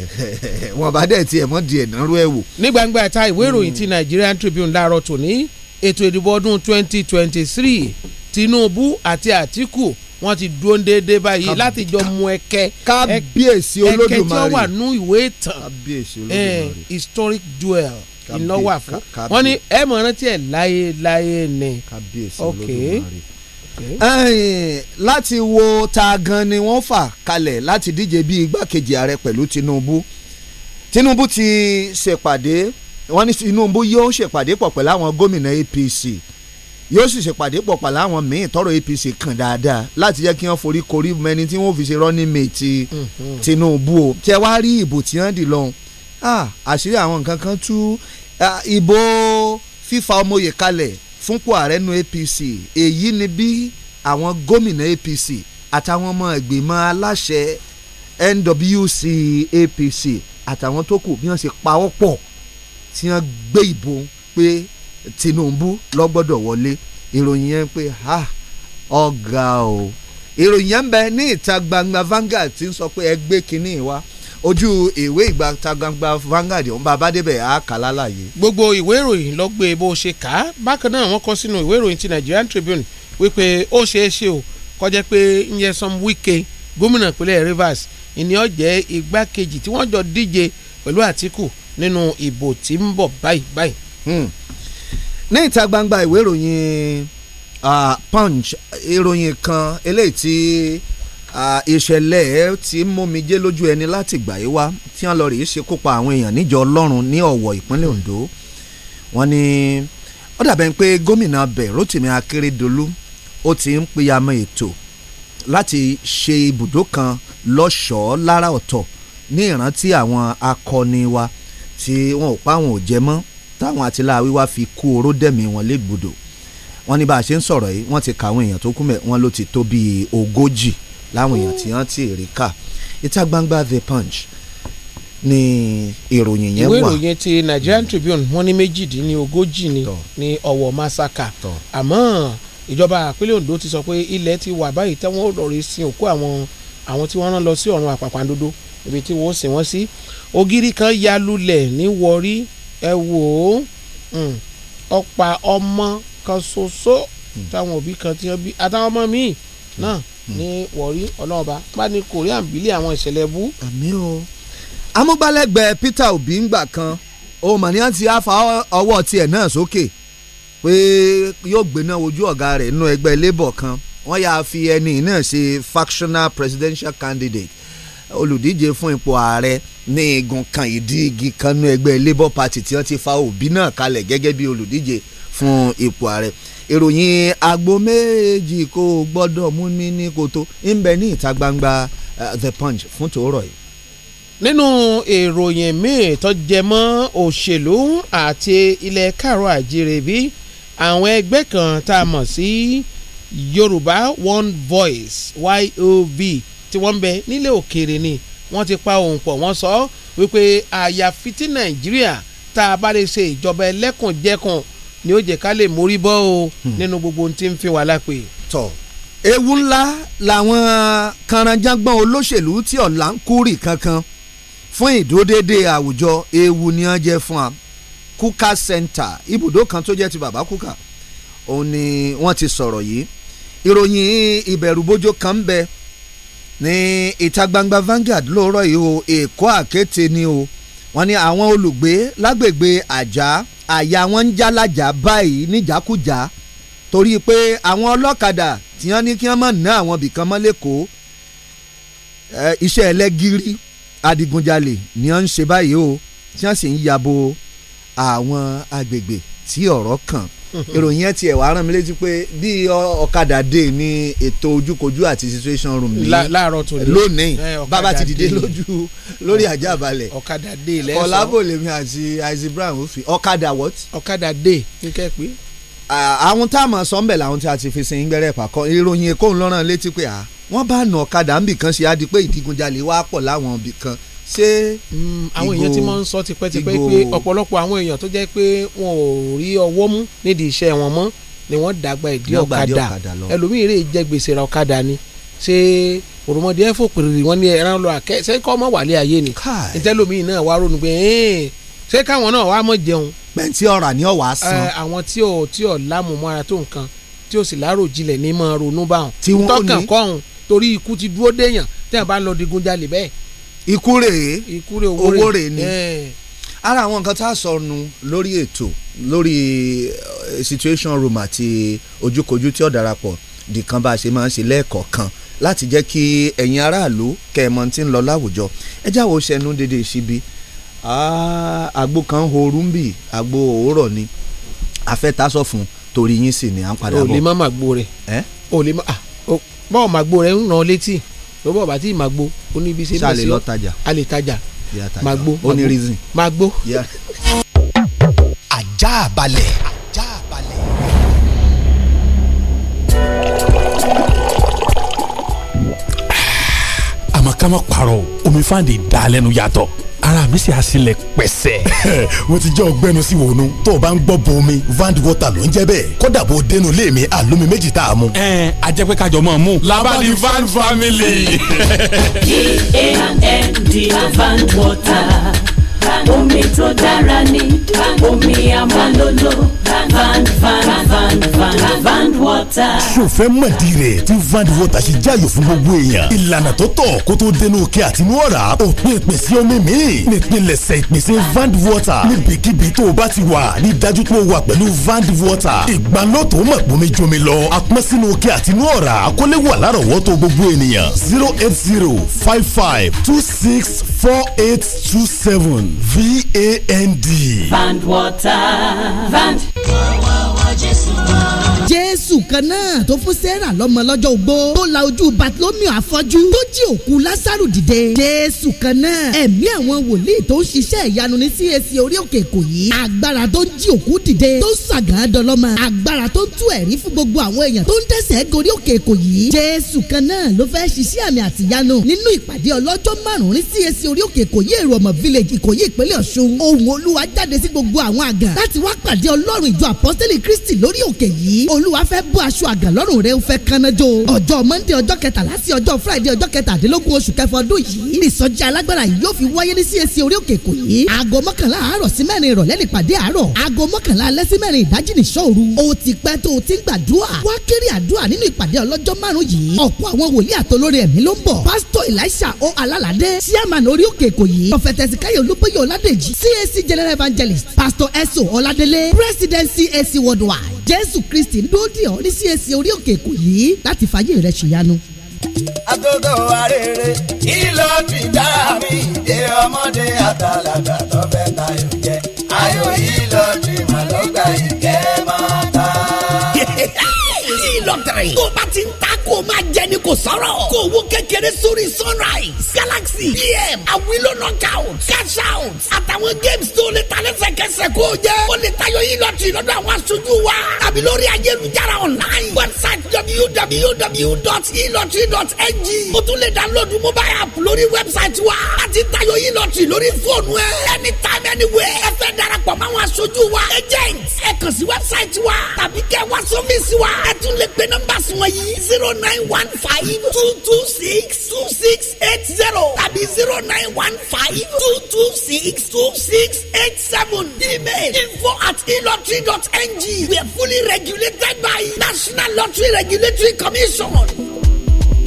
wọ́n bá dẹ̀ tiẹ̀ mọ́ di ẹ̀nàrú ẹ̀ wò. ní gbangba ta ìwé ìròyìn ti Nigerian Tribune láàárọ̀ tòní ètò ìdìbò ọdún 2023 Tinubu àti Atiku wọ́n ti dúró déédéé báyìí láti jọ mú ẹ̀kẹ́ kábíyèsí olódùmarè ẹ̀kẹ́ tí ó wà nú ìwé ìtàn eh, historic duel iná wà fún wọn ni ẹ mọ̀ rántí ẹ̀ láyé láyé ni kábíyèsí olódùmarè eh, láti wo ta gan ni wọ́n fà kalẹ̀ láti díje bí igbákejì ààrẹ pẹ̀lú Tinubu Tinubu ti ṣèpàdé wọ́n ní Tinubu yóò ṣèpàdé pọ̀ pẹ̀lú àwọn gómìnà APC yóò sì ṣèpàdé pọ̀ pàlà àwọn míì tọrọ APC kan dáadáa láti jẹ́ kí wọ́n forí korí mẹ́ni tí wọ́n fi ṣe running mate mhm. Tinubu o tí ẹ wá rí ìbò tí wọ́n dì lọ́hùn ah, àṣírí àwọn nǹkan kan tú ah, ìbò fífa ọmọye kalẹ̀ fúnpò ààrẹ nu APC èyí ni bí àwọn gómìnà APC àtàwọn ọmọ ìgbìmọ̀ aláṣẹ NWC APC àtàwọn tó kù bí wọ́n ṣe pawọ́ pọ̀ tí wọ́n gbé ìbò pé Tinubu ló gbọ́dọ̀ wọlé ìròyìn yẹn pé ha ọ̀gá o ìròyìn yẹn ń bẹ ní ìta gbangba Vanguard ti ń sọ pé ẹ gbé kinní wa ojú ìwé ìgbà ta gbangba Vanguard ọ̀hún bá a bá débẹ̀ á kà lálàyé. gbogbo ìwé ìròyìn ló gbé bó ṣe kà á bákan náà wọ́n kọ sínú ìwé ìròyìn ti Nigerian Tribune wípé ó ṣeé ṣe o kọjá pé Nyesom Wike gómìnà ìpínlẹ̀ Rivers ìní ọ̀jẹ̀ igbákejì tí wọ́n jọ díje pẹ̀lú Àtíkù nínú ìbò tí ń bọ̀ báyìí báyìí. Hmm ní ìta gbangba ìwé ìròyìn punch ìròyìn kan eléyìí tí ìṣẹ̀lẹ̀ tí mómijé lójú ẹni láti gbà yí wá tí wọ́n lọ rèé ṣe kópa àwọn èèyàn níjọ ọlọ́run ní ọ̀wọ̀ ìpínlẹ̀ Ondo wọ́n ní ó dàbẹ̀ pé gómìnà bẹ̀ Rotimi Akeredolu ó ti ń pìyàmọ̀ ètò láti ṣe ibùdó kan lọ́ṣọ̀ọ́ lára ọ̀tọ̀ ní ìrántí àwọn akọni wa tí wọn ò pa àwọn ò mọ́ táwọn àti láàwí wá fi kú oró dẹ̀mí wọn légbodò wọ́n ní bá a ṣe ń sọ̀rọ̀ yìí wọ́n ti ka àwọn èèyàn tó kú mẹ́ wọ́n ló ti tó bíi ogójì láwọn èèyàn tí wọ́n ti rí kà ìta gbangba the punch ni ìròyìn yẹn wà. ìwé ìròyìn ti Nigerian Tribune wọ́n ní méjìdínlógójì ni ni ọwọ́ masaka àmọ́ ìjọba àpínlẹ̀ Ondo ti sọ pé ilẹ̀ ti wà báyìí tẹ́wọ́n rọrí sin òkú àwọn àwọn tí wọ́n rán lọ sí ọ̀run àpàpàǹdodo ibi tí wọ́n sìn wọ́n sí ògiri kan ya lulẹ̀ ní wọrí ẹ wò ó hmm. ọ̀pá ọmọ kan ṣoṣo hmm. táwọn òbí kan ti yan bí àtàwọn ọmọ míì hmm. náà ní wọ̀rí ọlọ́ọ̀bá bá ní korea ń bílẹ̀ àwọn ìṣẹ̀lẹ̀ bú. àmì o amúgbálẹ́gbẹ̀ẹ́ Peter Obi ń gbà kan òun mọ̀ ní wọ́n ti fa ọwọ́ tiẹ̀ náà sókè pé yóò gbéná ojú ọ̀gá rẹ̀ nínú ẹgbẹ́ labour kan wọ́n yà fi ẹni náà ṣe factional presidential candidate olùdíje fún ipò ààrẹ ní igun kan ìdí igi kan nú ẹgbẹ́ Labour Party tí wọ́n ti fa Obi náà kalẹ̀ gẹ́gẹ́ bí olùdíje fún ipò ààrẹ ìròyìn agbo méjì kò gbọ́dọ̀ mú mi ní kòtò ń ní ìta gbangba uh, The Punch fún tòórọ̀ yìí. nínú ìròyìn míì tó jẹ mọ́ òṣèlú àti ilẹ̀ kàrọ̀ àjíire bí àwọn ẹgbẹ́ kan tá a mọ̀ sí Yorùbá One Voice YOV tí wọ́n ń bẹ nílẹ̀ òkèèrè ni. Yorùbá, wọ́n ti pa òun pọ̀ wọ́n sọ wípé àyàfi tí nàìjíríà tá a bá lè ṣe ìjọba ẹlẹ́kùnjẹkùn ni ó jẹ́ ká lè mórí bọ́ o hmm. nínú gbogbo ohun tí ń fi wà lápè. tọ ewu ńlá làwọn kànrànjàngbọ̀n olóṣèlú tí ọ̀la ń kúrì kankan fún ìdúródédé àwùjọ ewu ni wọ́n jẹ́ fún wa kúkà center ibùdó kan tó jẹ́ ti bàbá kúkà òun ni wọ́n ti sọ̀rọ̀ yìí ìròyìn ìbẹ̀rùbojo kan ń bẹ ní ìta gbangba Vanguard lóòrọ̀ yìí o èkó àkété ni o wọ́n ní àwọn olùgbé lágbègbè àjà àyà wọn ń já lájà báyìí níjàkújà torí pé àwọn ọlọ́kadà tí wọ́n ní kí wọ́n máa ná àwọn ibìkan mọ́ lẹ́kọ̀ọ́ iṣẹ́ ẹlẹ́gìrì adigunjalè ni wọ́n ń ṣe báyìí o tí wọ́n sì ń yabo àwọn agbègbè tí ọ̀rọ̀ kàn. ìròyìn yẹn tiẹ̀ wá rán mi létí pé bí ọ̀kadà dé ní ètò ojúkojú àti situation room ní láàárọ̀ tó lónìí eh, bàbá ti dìde lójú lórí ajá balẹ̀ ọ̀kadà dé lẹ́sọ̀ ọ̀làbòlèmi àti isaac brown ó fi ọ̀kadà what. ọ̀kadà dé kíkẹ́ pé. àwọn tá a mọ̀ sọ́nbẹ̀ làwọn tí a ti fi sin gbẹ́rẹ́ pàkọ́ ìròyìn èkó ńlọ́ràn létí pé wọ́n bá nà ọ̀kadà ńbì kan ṣe á di pé ìdígunjalè wá pọ̀ láwọn ibì kan ṣé mm, àwọn èèyàn tí wọ́n ń sọ tipẹ́tipẹ́ pé ọ̀pọ̀lọpọ̀ àwọn èèyàn tó jẹ́ pé wọn ò rí ọwọ́ mú nídìí iṣẹ́ wọn mọ́ ni wọ́n dàgbà ìdí ọ̀kadà ẹlòmíì rè jẹ́ gbèsè ra ọ̀kadà ni ṣé òròmọdé ẹ̀fọ́ pèrèrè wọn ni ẹran lọ àkẹ́ ṣé kọ́ ọmọ wàlẹ́ ayé ni ìtẹ́lómìn náà wá ronú pé ṣé káwọn náà wá mọ̀ jẹun. bẹ́ntì ọ̀rà ni ọ̀wá san. àwọn tí ò tí ò lámùmọ́ra tó nǹkan tí ò sì láàrò jinlẹ̀ ní máa ronú báwọn. tí wọ́n ní tọkàn kọ́hún torí ikú ti dúró déèyàn tẹ́yàn bá ń lọ digunjalè bẹ́ẹ̀ ikú rèé owó rèé ni ara àwọn nǹkan tá a sọnù lórí ètò lórí eh, situation room àti ojúkojú tí ó darapọ̀ dìkan bá a ṣe máa ń ṣe lẹ́ẹ̀kọ̀ọ̀kan láti jẹ́ kí ẹ̀yin aráàlú kẹ̀mọ́ tí ń lọ láwùjọ ẹ jáwọ́ ṣẹnu dédé síbi àgbo kan horú ń bì àgbo òwúrọ̀ ni afẹ́tasọ fún torí yín sì ni à ń padà bọ̀. o lè má màgbó rẹ̀ o lè má bọ́ọ̀ màgbó rẹ̀ ń ràn létí lọ́wọ́ bàtí ìmàgbó ó ní ibi ṣe bẹ́ẹ̀ sí a lè tajà màgbó ó ní ah, àmọ́ ká má parọ́ omi fáǹdì dá lẹ́nu yàtọ̀ ara mi sì á pẹ̀sẹ̀. mo ti jẹ́ ọgbẹ́nu sí wònú tó o bá ń gbọ́ bo omi vand water ló ń jẹ́ bẹ́ẹ̀ kódà bó dénú ilé mi àlómi méjì tá a mú. ẹ ẹ a jẹ́ pé kájọ mọ̀ ọ́n mú. labadi van family. v-a-n-d van water omi tó dára ní omi amalolo sọfẹ́ mọ̀dí rẹ̀ tí van water ṣe jáyọ̀ fún gbogbo èèyàn ìlànà tó tọ́ kó tó dénú òkè àtinú ọ̀rá òpin ìpèsè omi míì nípìnlẹ̀sẹ̀ ìpèsè van water níbikíbi tó o bá ti wà ní dájú tó o wà pẹ̀lú van water ìgbanlọ́tò mọ̀ pómi jomi lọ apọ́n sínú òkè àtinú ọ̀rá kólé wà lárọ̀wọ́tò gbogbo ènìyàn zero eight zero five five two six four eight two seven v a n d. Vand. Oh, jésù kan náà tó fún sarah lọ́mọ lọ́jọ́ ogbó tó la ojú bartolomeo afọ́jú tó jí òkú lásàrò dìde jésù kan náà ẹ̀mí àwọn wòlíì tó ń ṣiṣẹ́ ìyanu ní CAC orí òkè èkó yìí agbára tó ń jí òkú dìde tó ń sàgán dọlọ́mọ agbára tó ń tú ẹ̀rí fún gbogbo àwọn èèyàn tó ń tẹ̀sẹ̀ gorí òkè èkó yìí jésù kan náà ló fẹ́ ṣiṣẹ́ àmì àtìyanu nínú ìpàdé ọlọ́jọ́ márùn-ún ní CAC orí village ìkòyí ìpínlẹ̀ ọ̀ṣun ohùn olúwa jáde sí gbogbo àwọn àgàn láti wá pàdé ọlọ́run ìjọ àpọ́sítélì kristi lórí òkè yìí olúwa fẹ́ bú aṣọ àgàlọ́rùn rẹ̀ ó fẹ́ kánájó ọjọ́ monday ọjọ́ kẹtàlá sí ọjọ́ friday ọjọ́ kẹtàdínlógún oṣù kẹfọ ọdún yìí nìsọjí alágbára yìí yóò fi wáyé ní CAC orí òkè èkó yìí aago mọ́kànlá àárọ̀ sí mẹ́rin ìrọ̀lẹ́ nípàdé àárọ̀ aago mọ́kànlá alẹ́ sí mẹ́rin ìdájí nìṣọ́ òru o ti pẹ́ tó o ti ń gbàdúrà wá kéré àdúrà nínú ìpàdé ọlọ́jọ́ márùn yìí ọ̀pọ̀ àwọn wòlíì àtolórí ẹ̀mí ló ń elisha o alálàdé chairman orí òkè èkó yìí prọfẹtẹsì káyọ̀ olúbóyè ọládèjì CAC general evangelist pastor eso ọládélé president CAC worldwide jésù kristi ń dúró dì ọ́ ní CAC e orí òkè èkó yìí láti fàyè rẹ̀ ṣìyanu. àtòdò arére ìlọ ti dá mi de ọmọdé atalaga tó fẹ́ tayò jẹ ayò yìí. dọ́kítọ̀rì. kó bá ti ń ta kó o máa jẹ ni kò sọ̀rọ̀. kó owó kékeré sórí sunrise galaxy pm awilo knockout cash out àtàwọn games tó lè ta lẹ́sẹ̀kẹsẹ̀ kó o jẹ́. ó lè tayọ yín lọ́tì lọ́dọ̀ àwọn aṣojú wa tàbí lórí ayélujára online website www.elotry.ng. o tún lè download mobile app lórí website wa láti tayọ yín lọ́tì lórí fóònù ẹ anytime anywhere ẹ fẹ́ darapọ̀ aṣojú wa agent ẹ kàn sí wẹ́bsáìtì wa tàbí kẹ́ wá sọ́fíìsì wa ẹ tún lè pe nọ́mbà sùnwọ̀n yìí zero nine one five two two six two six eight zero tàbí zero nine one five two two six two six eight seven email info at elotry dot ng we are fully regulated by national lottery regulatory commission.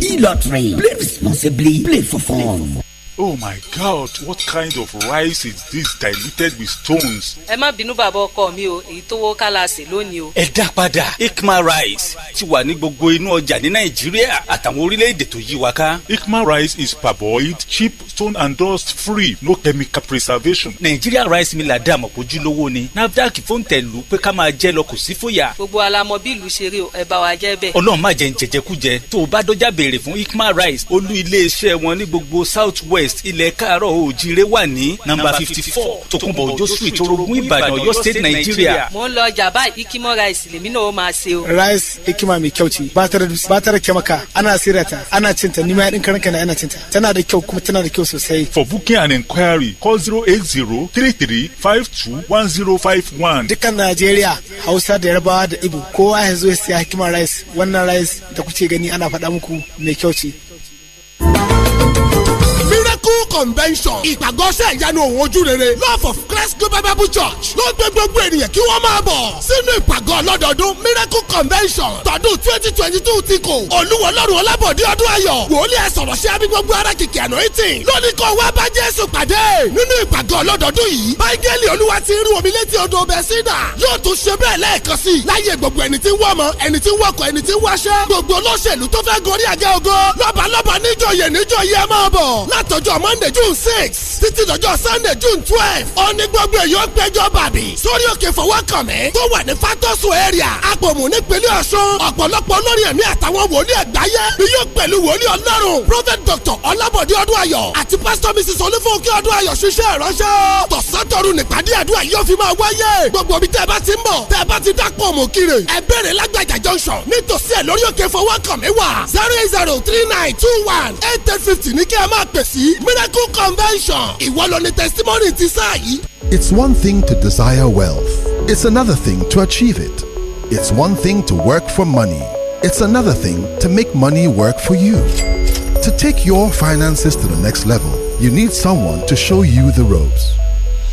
elotry play responsibly play for fun oh my god what kind of rice is this diluted with stones. ẹ má bínú bàbá ọkọ mi o èyí tó wó kálásì lónìí o. ẹ dá padà ikma rice ti wà ní gbogbo inú ọjà ní nàìjíríà àtàwọn orílẹ̀-èdè tó yí wa ká. ikma rice is parboiled cheap stone and dust free no chemical preservation. nàìjíríà rice mill àdàmọ̀ kojú lówó ni nafdac fóńtẹ̀ lù pé ká máa jẹ́ lọ kò sí fòyà. gbogbo alamọ bí ìlú ṣe rí o ẹ bá wa jẹ́ bẹ́ẹ̀. ọlọ́run má jẹ́ ń jẹjẹkújẹ tó o bá dọ́jà béèrè fún ikma rice olú iléeṣẹ́ wọn ní gbogbo south west christ ilẹ̀ káàárọ̀ òjìire wà ní nọ́mbà fifty four tòkunbọ̀ òjò street orogún ìbàdàn ọ̀yọ́ state nàìjíríà. mo ń lọ ọjà ikimọ ikimo rice lèmi náà ó máa ṣe o. rice ikima mai kyau ce ba ta da kyamaka ana sera ta ana cinta ni ma ya ɗinka ranka na ana cinta tana de kyau kuma tana de kyau sosai. for booking and inquiry call zero eight zero three three five two one zero five one. dika najeriya hausa da yarbawa da ibo kowa ya zo ya siya hikima rice wannan rice da kuke gani ana faɗa muku mai kyau ce. miracle convention ìpàgọ́sẹ̀ ìyanu òun ojú rere love of christ global bible church ló gbé gbogbo ènìyàn kí wọ́n máa bọ̀ sínú ìpàgọ́ lọ́dọọdún miracle convention tọdún twenty twenty two ti kò olúwo lọ́rùn ọlábọ̀dé ọdún ayọ̀ wòlíì ẹ̀ sọ̀rọ̀ sí abí gbogbo ara kìkì àná ìtì lónìí kan wá bá jésù pàdé nínú ìpàgọ́ lọ́dọọdún yìí báígẹ́lì olúwa ti rú omi létí odò bẹ́sídà yóò tún ṣe bẹ́ẹ̀ lẹ́ẹ̀kan sí láyé gbogbo ẹni tí ń wọ́ ọmọ ẹni tí ń wọ́kọ̀ ẹni tí ń wáṣẹ́ gbogbo olóṣèlú tó fẹ́ gorí àgẹ́ ogo lọ́balọ́ba níjòyè níjòyè máa bọ̀ láti látọjọ́ monday june six títí dọjọ́ sunday june twelve òní gbogbo èyí ó péjọ bàbí sórí òkè fọwọ́kànmí tó wà ní fatosu area agbòmù nípínlẹ̀ ọ̀ṣun ọ̀pọ̀lọpọ̀ olórin ẹ̀mí àtàwọn wòlíì ẹ̀gbáyé ni yóò pẹ̀lú wòlíì ọlọ́run prophet doctor ọlábọ̀dé ọdún ayọ̀ àti pastor mrs olúfúnkẹ́ ọdún ayọ̀ ṣiṣẹ́ ìránṣẹ́ tọ̀sán-tọ̀run nípàdé àdúrà yóò fi máa wáyé gbogbo ibi tẹ́ ẹ bá ti ń bọ̀ tẹ́ ẹ bá ti dápọ̀ mọ́ kiri ẹ bẹ̀rẹ̀ lágbàjà junction nítòsí ẹ̀ lórí òkè fọwọ́kànmí wà zero eight zero three nine two one eight eight fifty ní kí ẹ máa pèsè sí miracle convention ìwọ ló ní testimony ti yìí. It's one thing to desire wealth. It's another thing to achieve it. It's one thing to work for money. It's another thing to make money work for you. To take your finances to the next level, you need someone to show you the ropes.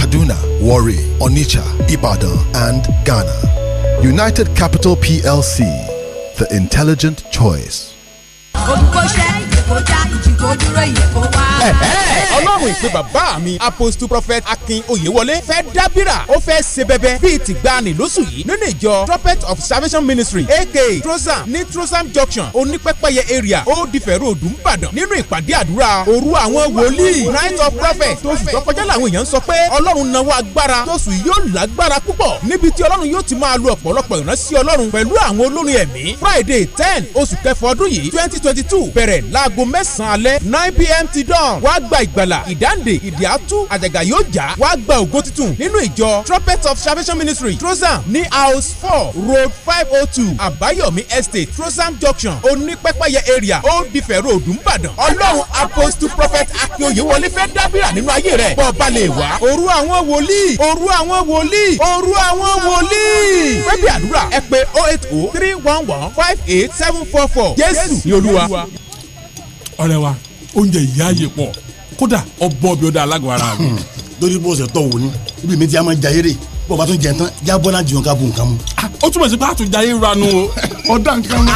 Kaduna, Warri, Onitsha, Ibadan, and Ghana. United Capital PLC, the intelligent choice. kọjá ìjì kò dúró ìyè kò ọlọ́run ìpè bàbá mi apostle prophet akin oyewole fẹ́ dábìrà ó fẹ́ ṣe bẹbẹ bíi tìgbani lóṣù yìí nínú ìjọ prophet of salvation ministry aka trosam ní trosam junction onípẹ́pẹ́yẹ area ó dìfẹ̀rù òdùn ìbàdàn nínú ìpàdé àdúrà òru àwọn wòlíì night of prophet tó sì tọkọjá làwọn èèyàn sọ pé ọlọ́run nawọ́ agbára tó sì yóò lágbára púpọ̀ níbi tí ọlọ́run yóò ti máa lo ọ̀pọ̀lọpọ̀ ìránṣẹ́ ọlọ́run pẹ̀lú àwọn olórin ẹ̀mí friday ten oṣù kẹfọ ọdún yìí twenty twenty two bẹ̀rẹ̀ láago aago mẹ́sàn-án alẹ́ nine pm ti dán wàá gba ìgbàlà ìdáǹdè ìdí àtú àjàgà yóò já wàá gba ògo titun nínú ìjọ trumpet of salvation ministry trozam ní house four road five oh two àbáyọ̀mí estate trozam junction onípẹ́pẹ́yẹ area old ife road nìbàdàn ọlọ́run apostle prophet akínyẹ̀wọlé fẹ́ dábìrà nínú ayé rẹ̀ bọ́ ọba lè wá òru àwọn wòlíì òru àwọn wòlíì òru àwọn wòlíì fẹ́bi àdúrà ẹ pé oh eight oh three one one five eight seven four four jésù ni olúwa ọ̀rẹ́ wa oúnjẹ ìyá yìí pọ̀ kódà ọbọ̀ bí ó dá alágọ̀ ara mi. lórí bó ṣe tọ̀ wò ni ibi mi ti a máa ja eré bó o bá tún jẹ tán jábọ́ náà jùlọ ká bu nǹkan mu. Ah, ó túmọ̀ sí pé a tún ja eré ranu o ọ̀dà nǹkan mu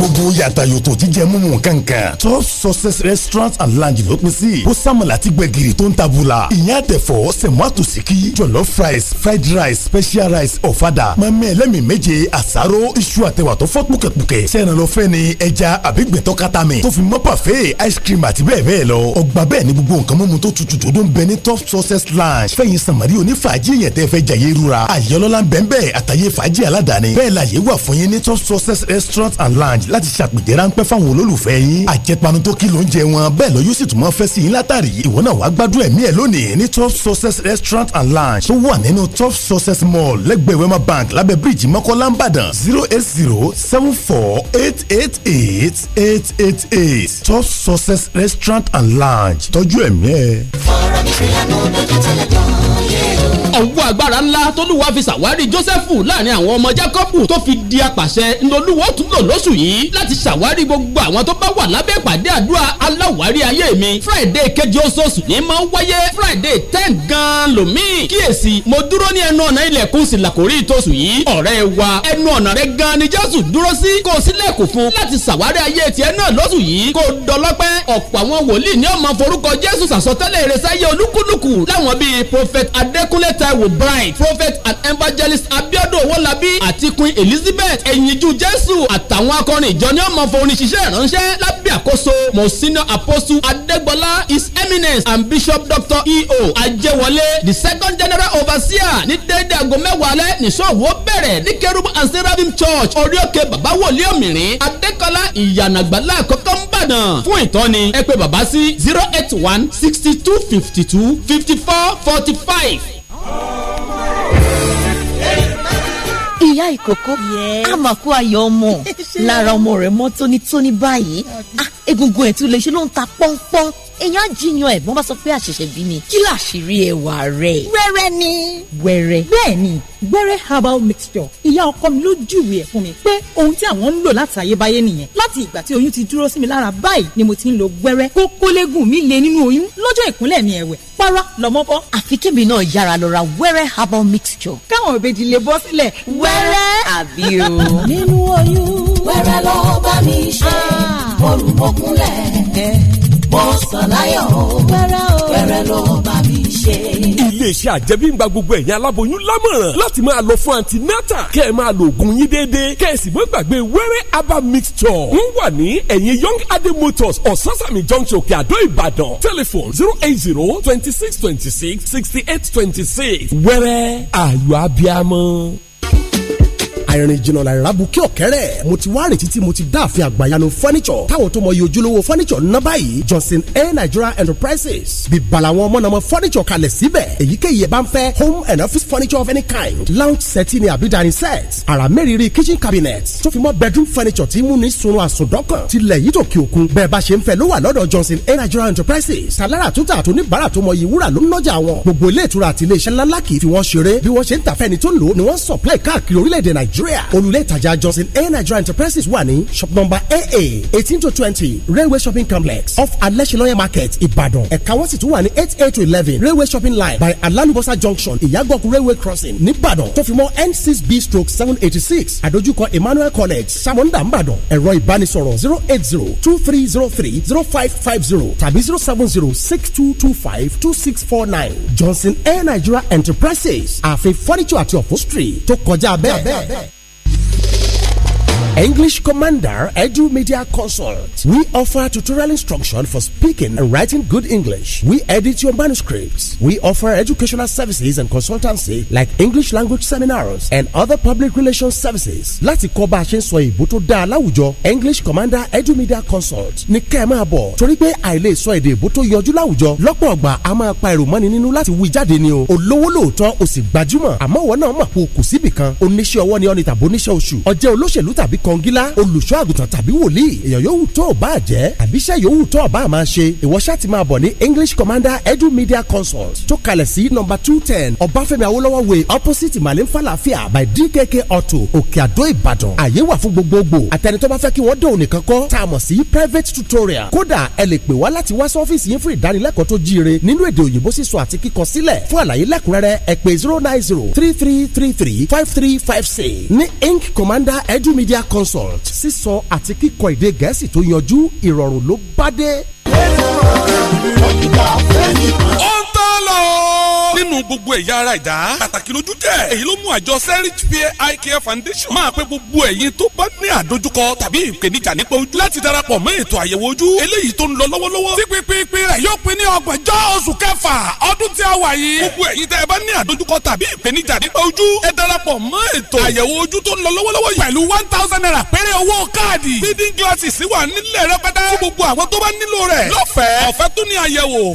gbogbo yàtà yòtò jíjẹ mímu kankan top success restaurant and lounge ló pín sí bó sàmàlà ti gbẹ̀gìrì tó ń tabula ìyẹn àtẹ̀fọ́ sẹ̀mọ́ àtòsíkí jọ̀lọ́ fries fried rice special rice ọ̀fadà mọ̀mí ẹlẹ́mì méje àsáró iṣu àtẹwà tó fọ́ pùkẹ̀pùkẹ̀ sẹ́ran lọ fẹ́ ni ẹja àbí gbẹ̀tọ́ kata mi tó fi mọ́ pàfẹ́ ice cream àti bẹ́ẹ̀ bẹ́ẹ̀ lọ ọgbà bẹ́ẹ̀ ni gbogbo nǹkan mímu tó tutù tó dún bẹ ní top success lounge fẹ̀yìn sàmárì onífàájì yẹn tẹ́ fẹ́ jàyè rura àyẹ̀lọ́lá bẹ́ẹ̀ bẹ́ẹ̀ àtàyè fàájì aládàáni bẹ́ẹ̀ la yẹ wà fún yín ní top success restaurant and lounge láti ṣàpèjẹ ráńpẹ́ fáwọn olólùfẹ́ yín àjẹpanu tó kí ló ń jẹ wọn bẹ́ẹ̀ lọ yóò sì tún máa fẹ́ sí yín látàrí ìwọ náà wàá gbádùn ẹ̀mí ẹ̀ lónìí ní top success restaurant and lounge tó wà nínú top success mall lẹ́gbẹ̀ẹ́ wema bank lábẹ́ bíríìjì mọ́kànlá ń bàdàn zero eight zero seven four eight eight eight eight eight eight top success restaurant and lounge tọ́jú ẹ̀mí ẹ̀. fọ́ọ̀rọ̀ mi fi lánàá lójú tẹ̀lé gan ọ̀wọ́ agbára ńlá tólúwa fi ṣàwárí Jósẹ́fù láàrin àwọn ọmọ Jákọ́bù tó fi di apàṣẹ ńlọlúwọ́ tún lò lóṣù yìí láti ṣàwárí gbogbo àwọn tó bá wà lábẹ́ ìpàdé àdúrà aláwárí ayé mi Friday kejì oṣooṣù ní máa ń wáyé Friday ten gan lomi kíyèsí mo dúró ní ẹnu ọ̀nà ilẹ̀kùn sí làkórí ìtòsù yìí ọ̀rẹ́ wa ẹnu ọ̀nà rẹ gan ni Jésù dúró sí kó o sílẹ̀kùn fún láti ṣàwárí ayé tiẹ̀ náà lóṣù yìí kó o dọlọ́pẹ́ ọ̀pọ̀ àwọn prophet adékúnlé taiwo bright prophet and evangelist abiodun owolabi àti queen elizabeth ẹ̀yinjú jésù àtàwọn akọrin ìjọ ni ó mọ̀ fún orin ṣiṣẹ́ ìránṣẹ́ lábẹ́ àkóso monsignor apostle adégbọlá his eminence and bishop Doctor eo ajẹ́wọlé the second general overseer ní déédéé aago mẹ́wàá alẹ́ nìṣọ́ọ̀bù ó bẹ̀rẹ̀ ní kérúbù and seraphim church orí òkè bàbá wòlíì òmìnirin adékọlá ìyànàgbàlá àkọ́kọ́ ń bàdàn fún ìtọ́ni ẹ pé bàbá sí zero eight one sixty two fifty two fifty four forty five life. ìyá ìkókó àmàkù ayọ̀ ọmọ lára ọmọ rẹ̀ mọ́ tónítóní báyìí ah, egungun ẹ̀ tún lè ṣe ló ń ta pọ́npọ́n èèyàn jiyàn ẹ̀gbọ́n bá sọ pé àṣẹ̀ṣẹ̀ bí mi kí làṣírí ẹwà rẹ̀. wẹ́rẹ́ ni. wẹ́rẹ́. bẹ́ẹ̀ ni wẹ́rẹ́ herbal mixture ìyá ọkọ mi ló júwe ẹ̀ fún mi pé ohun tí àwọn ń lò láti ayébáyé nìyẹn láti ìgbà tí oyún ti dúró sí mi lára báyìí ni mo ti ń lo wẹ́rẹ́ kókólégùn mi lè nínú oyún lọ́jọ́ ìkúnlẹ̀ mi ẹ̀wẹ̀ para lọ́mọ bọ́. àfi kébì náà yára lọ ra wẹ́rẹ́ herbal mixture. káwọn òbejì lè bọ́ sílẹ̀ wẹ́rẹ́. àbí o. nínú oyún wẹ́rẹ́ lọ́ọ́ bá mi ṣe ah. mo rù mọ́kúnlẹ̀ mo sọ láyọ̀ o pẹrẹ o pẹrẹ ló bá mi ṣe. iléeṣẹ́ àjẹmíngba gbogbo ẹ̀yin aláboyún lámọ̀ràn láti máa lọ fún antinata kẹ́ ẹ máa lo oògùn yín déédéé kẹ́ ẹ sì mọ́ gbàgbé wẹ́rẹ́ aba mixture wọ́n wà ní ẹ̀yìn young adé motors ososami junction òkè àdó ìbàdàn telephone zero eight zero twenty six twenty six sixty eight twenty six wẹ́rẹ́ ayọ̀ abiamọ àìrìn jìnnà làràbùkẹ́ ọ̀kẹ́rẹ́ mo ti wá rètí tí mo ti dá àfin àgbàyanu furniture táwọn tó mọ iye ojúlówó furniture ná báyìí Johnson A Nigeria Enterprises bíbá làwọn mọ̀nàmọ́ furniture kalẹ̀ síbẹ̀ èyíkéyìí ẹ̀ bá ń fẹ́ home and office furniture of any kind lounge set ni àbí dining set àrà mẹ́rìírí kitchen cabinet tó fi mọ́ bedroom furniture tí mú ní sunun àsùndọ́kàn tilẹ̀ yìí tó kí òkun bẹ́ẹ̀ bá ṣe ń fẹ́ ló wà lọ́dọ̀ Johnson A Nigeria Enterprises tàlára tó tà tó níbàárà tó mọ iye wúrà ló ń nọ́jà wọn gbogbo ilé ìtura àti ilé iṣẹ́ ńláńlá kì í fi wọ́n ṣeré bí wọ́n ṣe ń tàfẹ́ni nàìjíríà olùlé ìtajà johnson air nigeria enterprises wà ní shop number aa eighteen to twenty railway shopping complex off alẹ́sìlọ́yẹ̀ market ìbàdàn ẹ̀ka wọ́n sì tún wà ní eight eight to eleven railway shopping line by alalubosa junction ìyàgànkù railway crossing nìbàdàn tó fi mọ́ n six b stroke seven eighty six àdójúkọ emmanuel college samonda nìbàdàn ẹ̀rọ ìbánisọ̀rọ̀ zero eight zero two three zero three zero five five zero tàbí zero seven zero six two two five two six four nine johnson air nigeria enterprises àfi fọ́nìṣọ́ àti upholstery tó kọjá bẹ́ẹ̀. English Commander Edu Media Consult. We offer tutorial instruction for speaking and writing good English. We edit your manuscripts. We offer educational services and consultancy like English language seminars and other public relations services. Láti kọ́ bá a ṣe ń sọ English Commander Edu Media Consult ní abo toribe aile bọ̀. Torí pé àìlè sọ èdè ìbò tó yọjú láwùjọ, lọ́pọ̀ ọgbà a máa pa èrò mọ́ni nínú láti wí jáde ni o. Olówó lóòótọ́ o sì gbajúmọ̀, àmọ́ ìwọ náà mọ̀ kó o kù síbì kan. Oníṣẹ́ ọwọ́ ni ọ́ni tàbí oníṣẹ́ oṣù. Ọ̀jẹ̀ kọngílá olùṣọ́ àgùntàn tàbí wòlíì èèyàn yòówù tó o bá jẹ́ àbíṣẹ́ yòówù tó o bá máa ṣe ìwọ ṣá ti máa bọ̀ ní English Commander Edu Media Consult tó kalẹ̀ sí nọ́mbà two ten Ọbáfẹ́mi Awolowo way opposite Malin Falafia by DKK Auto Òkè Àdó Ìbàdàn àyè wà fún gbogbogbò àtẹni tó bá fẹ́ kí wọ́n dẹ̀ òní kankan tá a mọ̀ sí private tutorial kódà ẹ lè pè wá láti wá sọ́fíìsì yín fún ìdánilẹ́kọ̀ọ́ tó jíire nínú èdè òyìnbó zero nine zero three three three three five three five six ní Commander Edu Media consult sísọ àti kíkọ èdè gẹ̀ẹ́sì tó yanjú ìrọ̀rùn ló bá dé nínú gbogbo ẹ̀yà ara ìdá pàtàkì lójú jẹ́ èyí ló mú àjọ serich fair eye foundation máa pé gbogbo ẹ̀yin tó bá ní àdójúkọ tàbí ìpèníjà nípa ojú láti darapọ̀ mọ́ ètò àyẹ̀wò ojú eléyìí tó ń lọ lọ́wọ́lọ́wọ́ tí pínpín rẹ̀ yóò pín ní ọgbọ̀njọ́ oṣù kẹfà ọdún tí a wà yìí gbogbo ẹ̀yin tẹ́ ẹ bá ní àdójúkọ tàbí ìpèníjà one thousand naira péré owó káàdì glasses wà nílẹ̀ rẹpẹtẹ fún gbogbo àwọn tó bá nílò rẹ̀ lọ́fẹ̀ẹ́ ọ̀fẹ́ tún ní àyẹ̀wò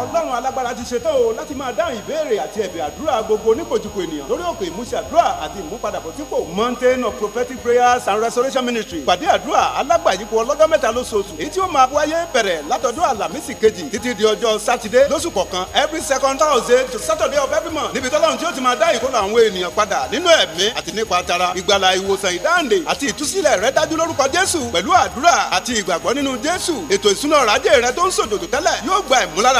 ọlọ́run alágbára ti ṣetán o láti máa dáhùn ìbéèrè àti ẹ̀bẹ̀ àdúrà gbogbo oníkojúko ènìyàn lórí òkè ìmúṣẹ àdúrà àti ìmúpadàbọ̀sípò mountain of prophetic prayers and restoration ministry pàdé àdúrà alágbàyípo ọlọ́jọ́ mẹ́ta lóṣooṣù èyí tí ó máa wáyé bẹ̀rẹ̀ látọjọ́ àlàmísì kejì títí di ọjọ́ sátidé lóṣù kọ̀ọ̀kan every second thursday to saturday of every month níbi tọ́lọ́run tí ó ti máa dá ìkólọ àwọn ènìyàn padà nínú ẹ̀mí àti nípa tara ìgbàlà ìwòsàn ìdáǹdè àti ìtúsílẹ̀ rẹ dájú lórúkọ jésù pẹ̀lú àdúrà àti ìgbàgbọ́ nínú jésù ètò ìsúná ọ̀rọ̀ ajé rẹ tó ń ṣòdòdò tẹ́lẹ̀ yóò gba ìmúlára